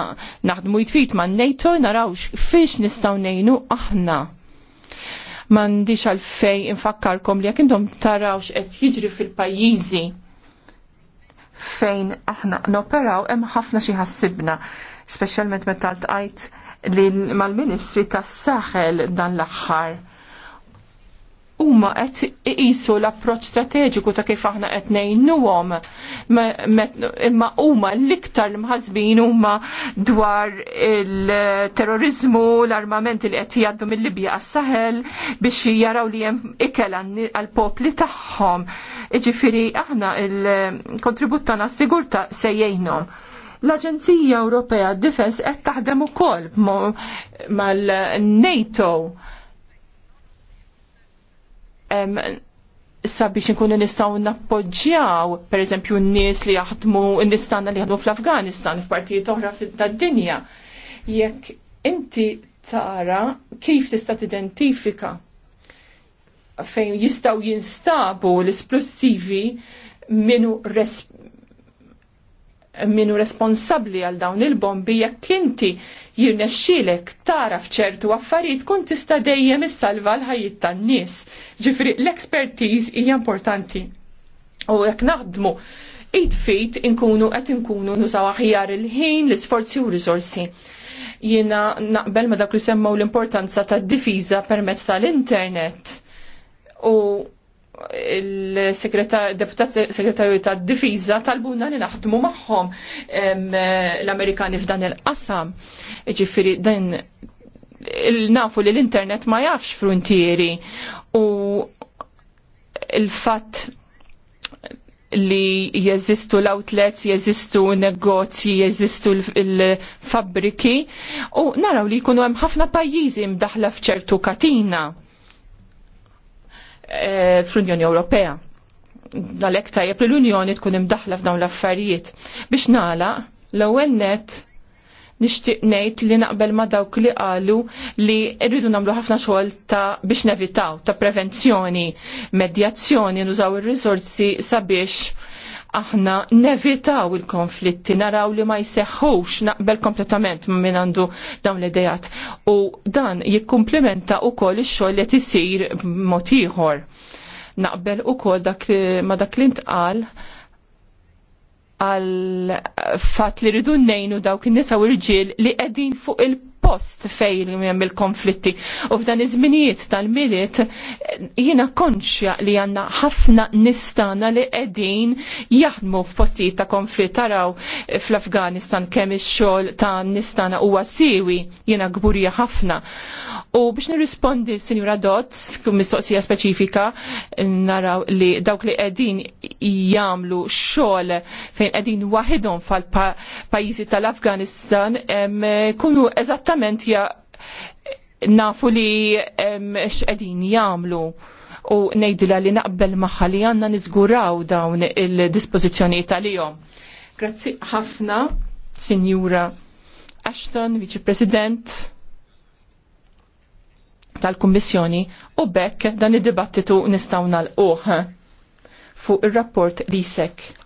naħdmu jtfid ma NATO narawx fiex nistgħu ngħinu aħna. M'għandix fej infakkarkom li jekk intom tarawx qed jiġri fil-pajjiżi fejn aħna noperaw hemm ħafna xi ħassibna, speċjalment meta ltqajt mal-Ministri tas-Saħel dan l-aħħar huma qed iqisu l-approċċ strateġiku ta' kif aħna qed ngħinuhom imma huma l-iktar mħasbin huma dwar il-terrorizmu, l-armamenti li qed jgħaddu mill-Libja għas-Saħel biex jaraw li hemm ikel għall-popli tagħhom. Iġifieri aħna il-kontribut tagħna sigurta jgħinhom. l-Aġenzija Ewropea Difes qed taħdem ukoll mal-NATO sabiex nkunu nistgħu nappoġġjaw pereżempju n-nies li jaħdmu n-nistanna li jaħdmu fl-Afganistan f'partijiet oħra tad-dinja. Jekk inti tara kif tista' tidentifika fejn jistgħu jinstabu l isplussivi minu resp minu responsabli għal dawn il-bombi jekk inti jirnexxilek tara fċertu affarijiet kun tista' dejjem issalva l ħajjiet tan-nies. Ġifri l-expertise hija importanti. U jekk naħdmu id fit inkunu qed inkunu nużaw aħjar il-ħin, l-isforzi u risorsi. Jiena naqbel ma dak li semmaw l-importanza tad-difiża permezz tal-internet. U il-deputat segretarju ta' difiża talbuna li naħdmu magħhom l-Amerikani f'dan il-qasam. Ġifiri, dan il-nafu li l-internet ma jafx frontieri u il-fat li jeżistu l-outlets, jeżistu negozji, jeżistu l-fabriki u naraw li jkunu hemm ħafna pajjiżi mdaħla f'ċertu katina Eh, fl-Unjoni Ewropea. Dalek tajjeb li l-Unjoni tkun imdaħla f'dawn l-affarijiet. Biex nagħlaq, l-ewwel net nixtieq ngħid li naqbel ma dawk li qalu li rridu nagħmlu ħafna xogħol ta' biex nevitaw ta' prevenzjoni, medjazzjoni, nużaw ir-riżorsi sabiex aħna nevitaw il-konflitti, naraw li ma jseħħux naqbel kompletament minn għandu dawn l-idejat. U dan jikkumplementa u koll ix-xogħol li t mod ieħor. Naqbel ukoll dak ma dak li ntqal għal fat li ridu nejnu dawk in-nisa u l-ġil li qegħdin fuq il- post fejn jem il-konflitti. U f'dan iż-żminijiet tal-miliet jiena konxja li għandna ħafna nistana li qegħdin jaħdmu f'postijiet ta' konflitt taraw fl-Afganistan kemm ix-xogħol ta' nistana huwa siwi jiena gburija ħafna. U biex nirrispondi Sinjura Dotz, mistoqsija speċifika, naraw li dawk li qegħdin jagħmlu xogħol fejn qegħdin waħidhom fal-pajjiżi tal-Afganistan kunu eżattament sfortunatament ja nafu li x'qegħdin jagħmlu u ngħidilha li naqbel magħha li għandna niżguraw dawn il-dispożizzjonijiet għalihom. Grazzi ħafna, Sinjura Ashton, Viċi President tal-Kummissjoni, u bekk dan id-dibattitu nistgħu oħ fuq ir-rapport li sekk